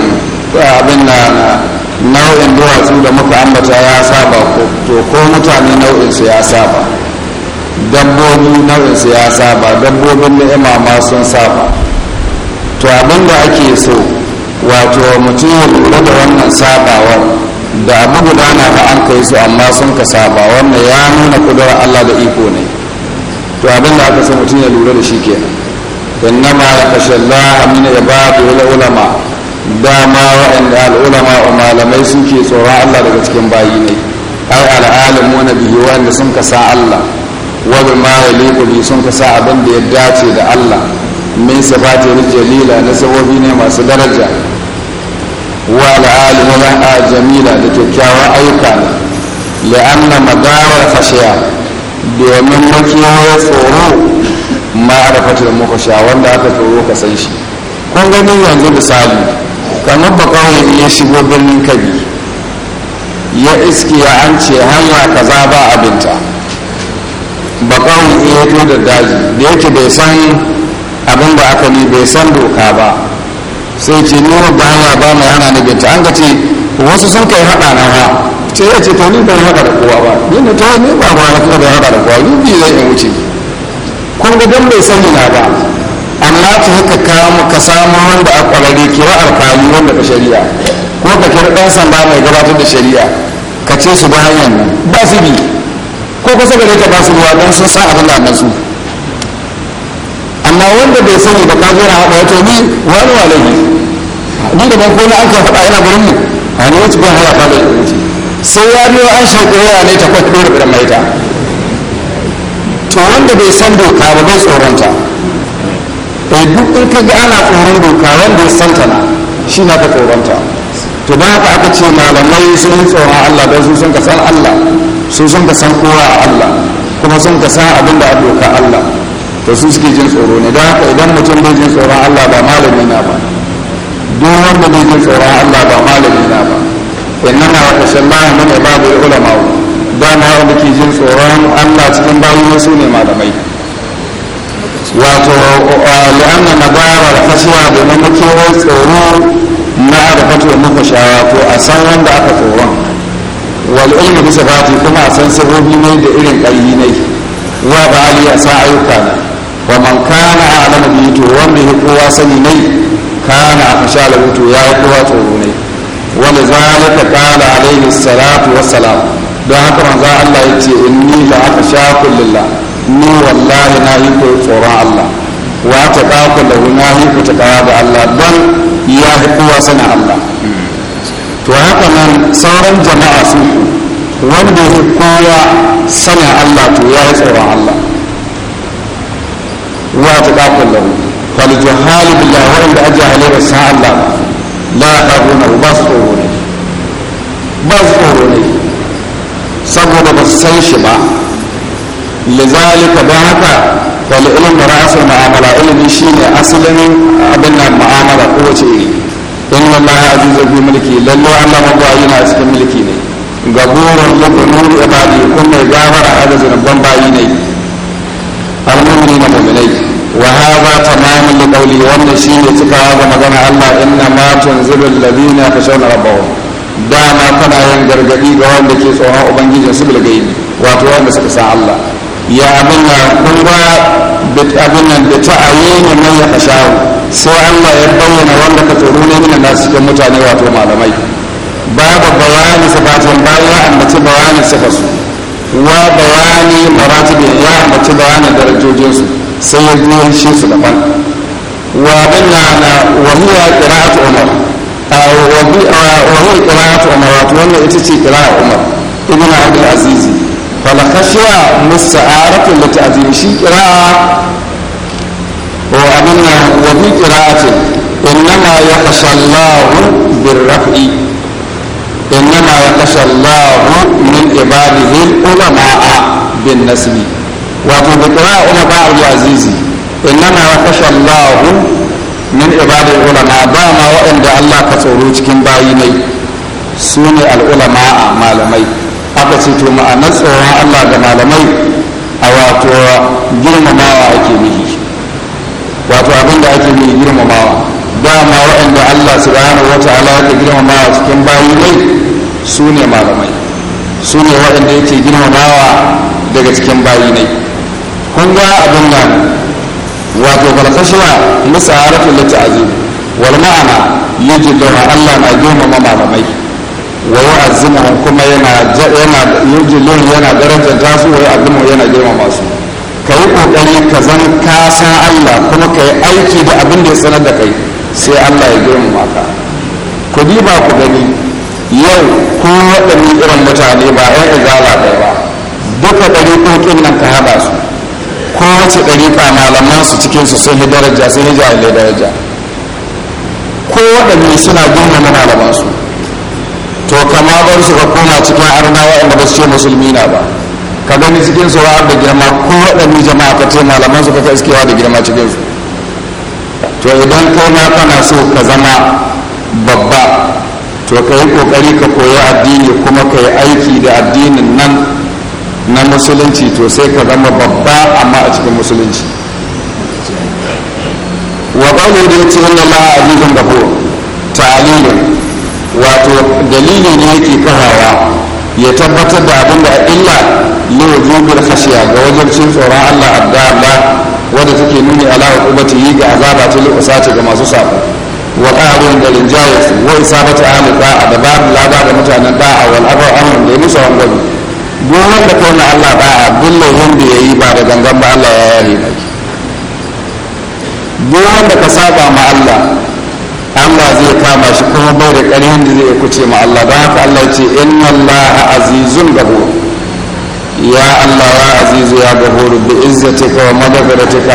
abin nan nau'in duwatsu da muka ambata ya saba to ko mutane nau'in su ya saba dabbobi nau'in su ya saba dabbobin da ma sun saba to abin da ake so wato mutum ya lura da wannan sabawar da abu gudana da an kai su amma sun ka saba wannan ya nuna kudurar allah da iko ne to abin da aka san mutum ya lura da shi kenan ma ya kashe Allah amina ya ba da ulama dama waɗanda al'ulama wa malamai suke tsoron Allah daga cikin bayi ne ai al'alimu na biyu wanda sun ka sa Allah wani ma ya sun ka sa abin da ya dace da Allah min sabati jalila na sabobi ne masu daraja wa al'alimu na jamila da kyakkyawan ayyuka ne la'anna madawar fashiya domin makiyaya tsoro muka sha wanda aka tsoro ka san shi kun gani yanzu misali kamar ba kawai ya shigo birnin kabi ya iske ya an ce hanya kaza ba abinta ba kawai ya to da daji da yake bai san abin da aka ne bai san doka ba sai ce nuna baya hanya ba mai hana an ga ce wasu sun kai haɗa na ha sai ya ce ta ni ban haɗa da kowa ba ni ne ta ni ba ma kuma ban haɗa da kowa ni bi zai in wuce kun ga dan bai sani na ba amma ta haka mu ka samu wanda a kwararre kira alkali wanda ka shari'a ko ka kira ɗan sanda mai gabatar da shari'a ka ce su ba hanyar nan ba su bi ko ka saka da ta ba su ruwa don sun san abin da nan su amma wanda bai sani ba ka zo na haɗa wato ni wani ne ni da ban kone an ka faɗa yana gurin mu a ne wata haya ba da sai ya biyo an shan ƙura ne ta kwaɗi ɗora da maita to wanda bai san doka ba bai tsoronta to eh, duk in ka ga ana tsoron doka wanda ya san ta na shi na ka tsoronta to ba haka aka ce malamai sun yi tsoron allah don sun ka san allah sun sun ka san kowa a allah kuma sun ka san abin da a doka allah to su suke jin tsoro ne don haka idan mutum bai jin tsoron allah ba malami na ba duk wanda bai jin tsoron Allah ba malami na ba inna ma tashallaha min ibadi ulama ba na wanda ke jin tsoron Allah cikin bayin su ne malamai wato li'anna nabara da fashiya domin makewar tsoro na arfatu da muka shawa to a san wanda aka tsoron wal ilmi bi sifati kuma a san sabobi ne da irin ƙarfi ne wa ba ali a sa ayyuka ne wa man kana a'lamu bi to wanda ya kowa sani ne kana a sha ya yi kowa tsoro ne wani zalika kala alaihi salatu wa salam don haka manza Allah ya ce in ni da aka sha lillah ni wallahi na yi ko tsoron Allah wa ta kaku da na yi ko ta kaya ga Allah don ya yi kowa sana Allah to haka nan sauran jama'a sun su wanda ya kowa sana Allah to ya yi tsoron Allah wa ta kaku da والجهال بالله وإن بأجه عليه وسعى الله لا يخافونه بصروني بصروني saboda ba su san shi ba lizalika don haka wani ilimin ra'asar ma'amala ilimi ne asalin abin nan ma'amala kowace iri in wallahi ya azizu bi mulki lallo Allah magwayi na cikin mulki ne ga gaburan lukunur ibadi kun mai gafara a da zunuban bayi ne almumini na muminai wa hadha tamamun li qawli wannan shine cikawa ga magana Allah inna ma tunzilu alladhina yakhshawna rabbahum dama kana yin gargadi ga wanda ke tsoron ubangijin su bil gaibi wato wanda suka san Allah ya abin nan kun ga abin nan da ta'ayyana man yakhshaw sai Allah ya bayyana wanda ka tsoro ne min nasu cikin mutane wato malamai babu bayani sifatin bayan ambaci bayani sifasu wa bayani maratibin ya ambaci bayanin darajojinsu sai ya shi su daban wa danna na wa huwa qira'atu umar wa bi wa huwa qira'atu umar wato wannan ita ce qira'a umar ibn abdul aziz wala khashiya musta'aratu li ta'zim shi kira wa danna wa bi qira'ati innama yakhsha Allahu bir raf'i innama yakhsha Allahu min ibadihi ulama'a bin nasbi wato da kira a yi azizi innama kashe allahu min ibadi ulama ba ma waɗanda Allah ka tsoro cikin bayi ne su ne al'ulama a malamai aka ce to ma'anar tsoron Allah ga malamai a wato girmamawa ake nufi wato abin da ake nufi girmamawa ba ma waɗanda Allah bayan wa ta'ala ya girmamawa cikin bayi ne su ne malamai su ne waɗanda yake girmamawa daga cikin bayi ne kun ga abin nan wato balkashuwa musa harafin lati yi wani ma'ana ji dawa allah na girmama malamai wa yu'azzimuhum kuma yana yana yujilun yana darajanta su wa yu'azzimuhum yana girmama su yi kokari ka zan kasa allah kuma ka yi aiki da abin da ya sanar da kai sai allah ya girmama ka ku bi ba ku gani yau ko waɗannan irin mutane ba 'yan izala ɗaya ba duka ɗari ɗokin nan ka haɗa su kowace ɗariƙa malaman su cikin su sun yi daraja sun yi jahilai daraja ko waɗanne suna na malaman su to kama bar su ka koma cikin arna waɗanda ba su ce musulmi na ba ka gani cikin su da girma ko waɗanne jama'a ka ce malaman su ka iskewa da girma cikin su to idan kai na kana so ka zama babba to ka yi ƙoƙari ka koyi addini kuma ka yi aiki da addinin nan na musulunci to sai ka zama babba amma a cikin musulunci wa bane da ya ce wani la'a azizun ta'alilin wato dalili ne yake kahawa ya tabbatar da abin da illa ne zubar hashiya ga cin tsoron allah abdalla wadda take nuni alawar hukubati yi ga azaba ta ce ga masu sako wa ƙarin da rinjayarsu wa sabata alika da babu lada da mutanen da'a wal abar amin da ya musu wangwani duk wanda ta Allah ba a dullo da ya yi ba da gangan ba Allah ya yare ba duk wanda ka saba ma Allah Allah zai kama shi kuma bai da ƙarfin da zai kuce ma Allah don haka Allah ya ce inna Allah azizun gabo ya Allah ya azizu ya gaburu bi izzatika wa ka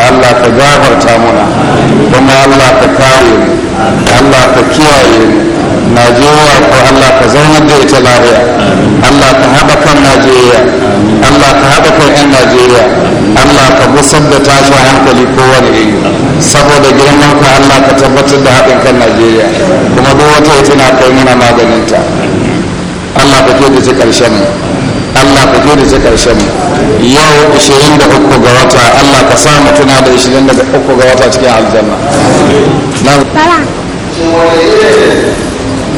Allah ka gafarta muna kuma Allah ka kare mu Allah ka kiyaye mu najeriya ko allah ka zaunar da ita lahiya allah ka haɗa kan najeriya allah ka haɗa kan 'yan najeriya allah ka busar da tashi hankali kowane iri saboda girman ka allah ka tabbatar da haɗin kan najeriya kuma duk wata ita na kai mana maganinta allah ka ke da ta ƙarshen mu allah ka ke da ta ƙarshen mu yau da uku ga wata allah ka sa mutuna da uku ga wata cikin aljanna na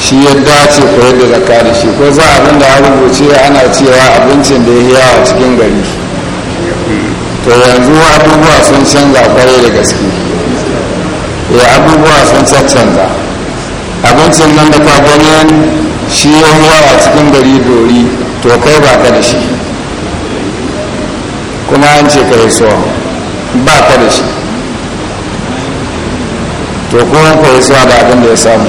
shi ya dace koyar da zakka da shi ko za abin da ya rubuce ana cewa abincin da ya yawa cikin gari to yanzu abubuwa sun canza kwarai da gaske ya eh, abubuwa sun canza abincin nan da ka ganin shi ya yawa cikin gari dori to kai ba ka da shi kuma an ce ka yi ba ka da shi to kuma kai so da abin da ya samu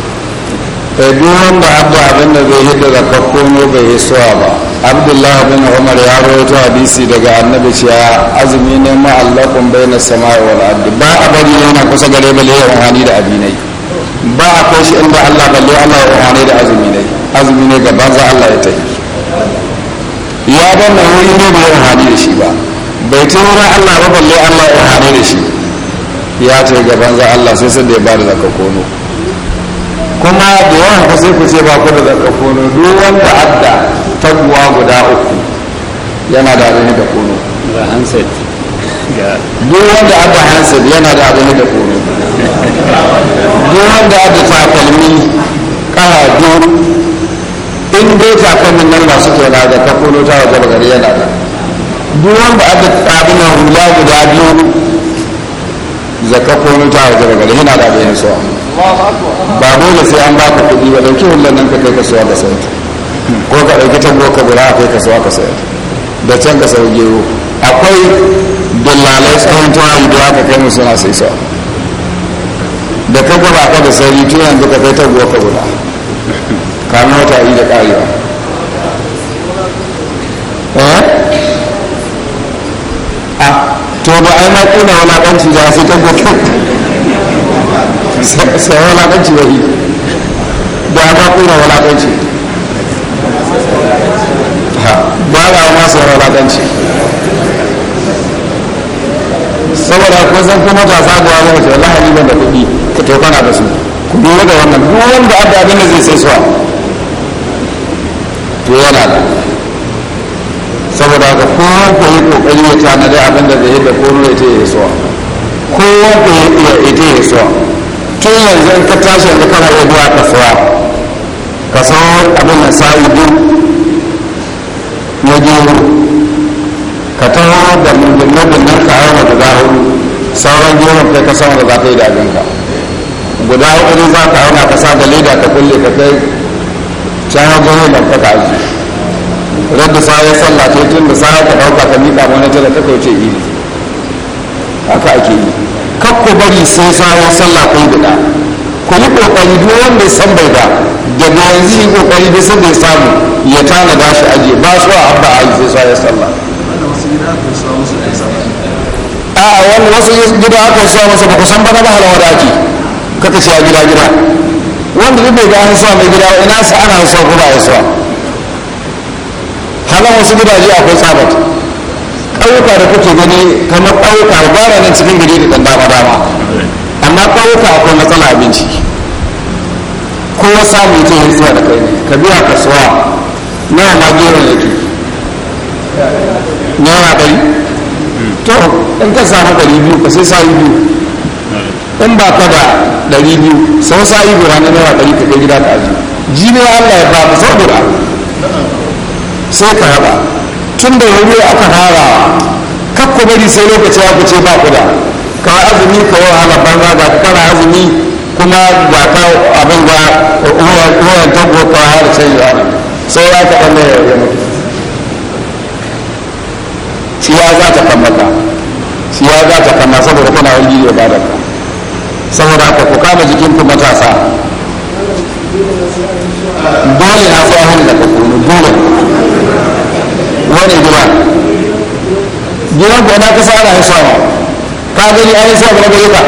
sai eh, duwan ba abu abin da zai hidda da ne bai yi suwa ba abdullah bin umar ya rawaito hadisi daga annabi cewa azumi ne ma'allakun bai na sama'i wani abu. ba a bari yana kusa gare bale ya ruhani da abinai ba a kai shi inda allah balle allah ya ruhani da azumi ne azumi ne ga za allah ya tafi ya ban na wuri ne bai ruhani da shi ba bai ta wurin allah ba balle allah ya ruhani da shi ya ta gaban za allah sai sai da ya ba da zakka kuma da yawan ku sai ku ce ba ku da zakafonu duk wanda adda taguwa guda uku yana da adani da kono ga hanset duk wanda adda hanset yana da adani da kono duk wanda adda takalmi kaha biyu in dai takalmin nan masu kyau na da kafono ta wajen gari yana da duk wanda adda tsabinan hula guda biyu zakafonu ta wajen gari yana da adani suwa ba dole sai an baka kudi ba dauki hullar nan ka kai ka suwa ka sayar ko ka ɗauki tango ka bira kai ka suwa ka sayar da can ka sau gero akwai dallalai tsawon tuwon da aka kai musu na sai sa da ka gaba ka da sauri tun yanzu ka kai tango ka guda kamar wata yi da karewa eh? ah, to ba ai ma kuna wani ɗanci da sai tango sai walakanci wani da ba kuna walakanci ba ga ma sai walakanci saboda ko san ko matasa ga wani wace wallahi da kuɗi ka to da su ku duba da wannan duk wanda adda abin da zai sai suwa to yana da saboda ga kowa ku yi kokari ya tanadi abin da zai yi da kowa ya ta yi suwa kowa ku yi iya ita ya suwa tun yanzu in ka tashi yanzu kana iya zuwa kasuwa kasuwar abin da sa'i duk na gero ka taho da mundunnan ka auna guda hudu sauran geron kai ka san da za ka yi da abinka guda hudu za ka auna ka sa da leda ka kulle ka kai can wajen da ka aji rabu sa ya sallace tun da sa ka dauka ka miƙa wani jira ta kauce iri haka ake yi kakko ku bari sai sauran sallah kun guda ku yi kokari duk wanda ya san bai da na yanzu yi kokari duk san bai samu ya tana da shi aje ba su a abba aji sai sauran sallah a wani wasu gida aka sa masa ba ku san ba na ba halawa da ake kaka ce a gida gida wanda duk bai ga an sa mai gida ina sa ana sa ko ba ya sa halawa wasu gidaje akwai tsabat ƙauyuka da kuke gani kamar ƙauyuka gwara nan cikin gari da ɗan dama dama amma ƙauyuka akwai matsala abinci kowa samu ita yin zuwa da kai ka biya kasuwa nawa ma geron yake nawa ɗari to in ka samu ɗari biyu ka sai sa'i biyu in ba ka da ɗari biyu sau sa'i biyu ranar nawa ɗari ka kai gida ka aji jini allah ya ba sau biyu sai ka raba tun da wuri aka fara kakku bari sai lokaci ya fice ba ku da ka azumi ka wahala banza ga kana azumi kuma ba ka abin ba ruwan tabo ka har sai ya sai ya ka ɗan ya mutu ya za ta kammata siya za ta kammata saboda kuna wani da ba da ka saboda haka ku kama ku matasa dole na tsohon da ka kuma dole ne gida gidan gona kasa sa ana hisawa ka gani an hisawa na gare ka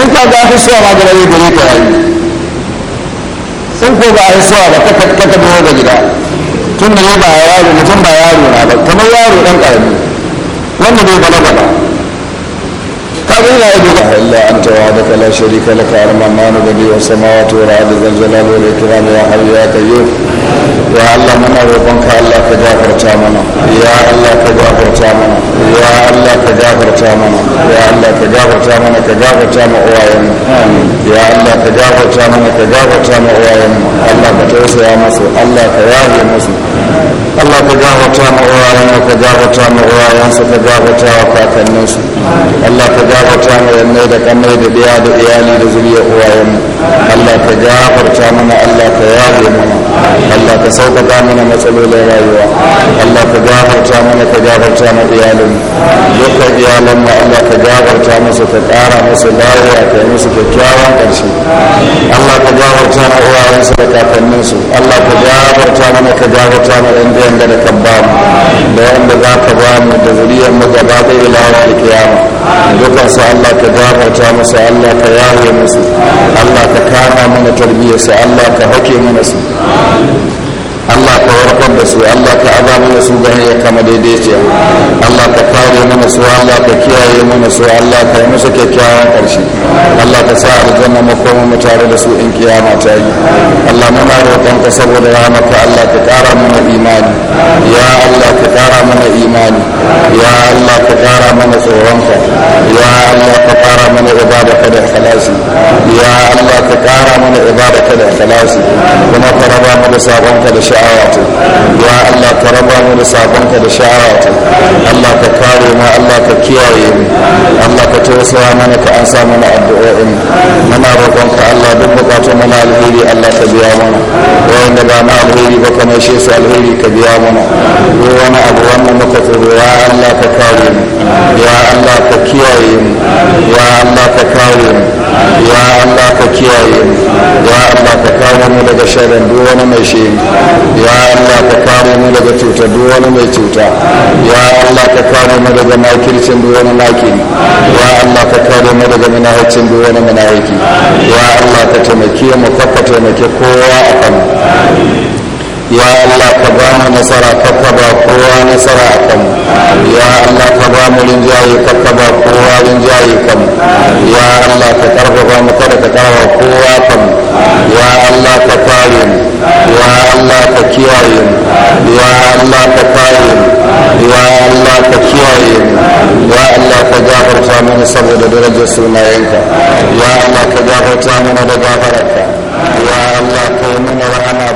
in ka ga hisawa na gare gari ka yayi sun ko ba hisawa ba ka ka ka da gida tun da ba yaro mutum ba yaro na ba kamar yaro dan karami wanda bai balaga ba إلا أنت وحدك لا شريك لك المنان بديع السماوات والأرض ذا الجلال حي يا قيوم يا الله منا ربك الله كجافر تامنا يا الله كجافر تامنا يا الله كجافر تامنا يا الله كجافر تامنا كجافر تام أوائم يا الله كجافر تامنا كجافر تام أوائم الله كتوسع مس الله كياري مس الله كجافر تام أوائم كجافر تام أوائم سكجافر تام كاك الناس الله كجافر تام يمد كمد بياد إيالي رزقي أوائم الله كجافر تامنا الله كياري مس الله Allah ka sauƙaƙa mana matsalolin rayuwa Allah ka gafarta mana ka gafarta mu iyalin dukkan iyalan mu Allah ka gafarta musu ka ƙara musu lafiya ka yi musu kyakkyawan ƙarshe Allah ka gafarta mu su da su Allah ka gafarta mana ka gafarta mu ɗan biyan da ka ba mu da wanda za ka ba mu da zuriyar mu gaba da ila da kiyama dukkan su Allah ka gafarta musu Allah ka yaye musu Allah ka kama mana tarbiyyarsu Allah ka hake mana su Allah ka warkar da su Allah ka aza mana su ga hanyar kama daidaiciya Allah ka kare mana su Allah ka kiyaye mana su Allah ka yi musu kyakkyawan ƙarshe Allah ka sa aljanna mu koma mu tare da su in kiyama ta yi Allah muna roƙon ka saboda rahmaka Allah ka ƙara mana imani ya Allah ka ƙara mana imani ya Allah ka ƙara mana ka. ya Allah ka ƙara mana ibadaka da ikhlasi ya Allah ka ƙara mana ibadaka da ikhlasi kuma ka raba mana sabonka da sha'awa ya Allah ka raba mu da sabonka da sha'awa ta Allah ka kare mu Allah ka kiyaye mu Allah ka tausaya mana ka ansa mana addu'o'in roƙon ka Allah duk bukatun mana alheri Allah ka biya mana wanda ba na alheri ba kamar shi su alheri ka biya mana ko wani abu wanda muka tsoro ya Allah ka kare mu ya Allah ka kiyaye mu ya Allah ka kare mu ya Allah ka kiyaye mu ya Allah ka kare mu daga sharrin duk wani mai shi ya Allah ka kare mu daga cutar duk wani mai cuta ya Allah ka kare mu daga makircin duk wani makiri ya Allah ka kare mu daga manahicin duk wani manahiki ya Allah ka taimake mu ka taimake kowa a kan ya Allah ka ba mu nasara ka ba kowa nasara a kanmu ya Allah ka ba mu ka ka ba kowa linjaye kanmu ya Allah ka karfafa mu kada ka kawo kowa kanmu ya Allah ka kare mu ya Allah ka kiyaye mu ya Allah ka kare mu ya Allah ka kiyaye mu ya Allah ka gafarta mana saboda darajar sunayenka ya Allah ka gafarta mana da gafararka ya Allah ka yi mana rahama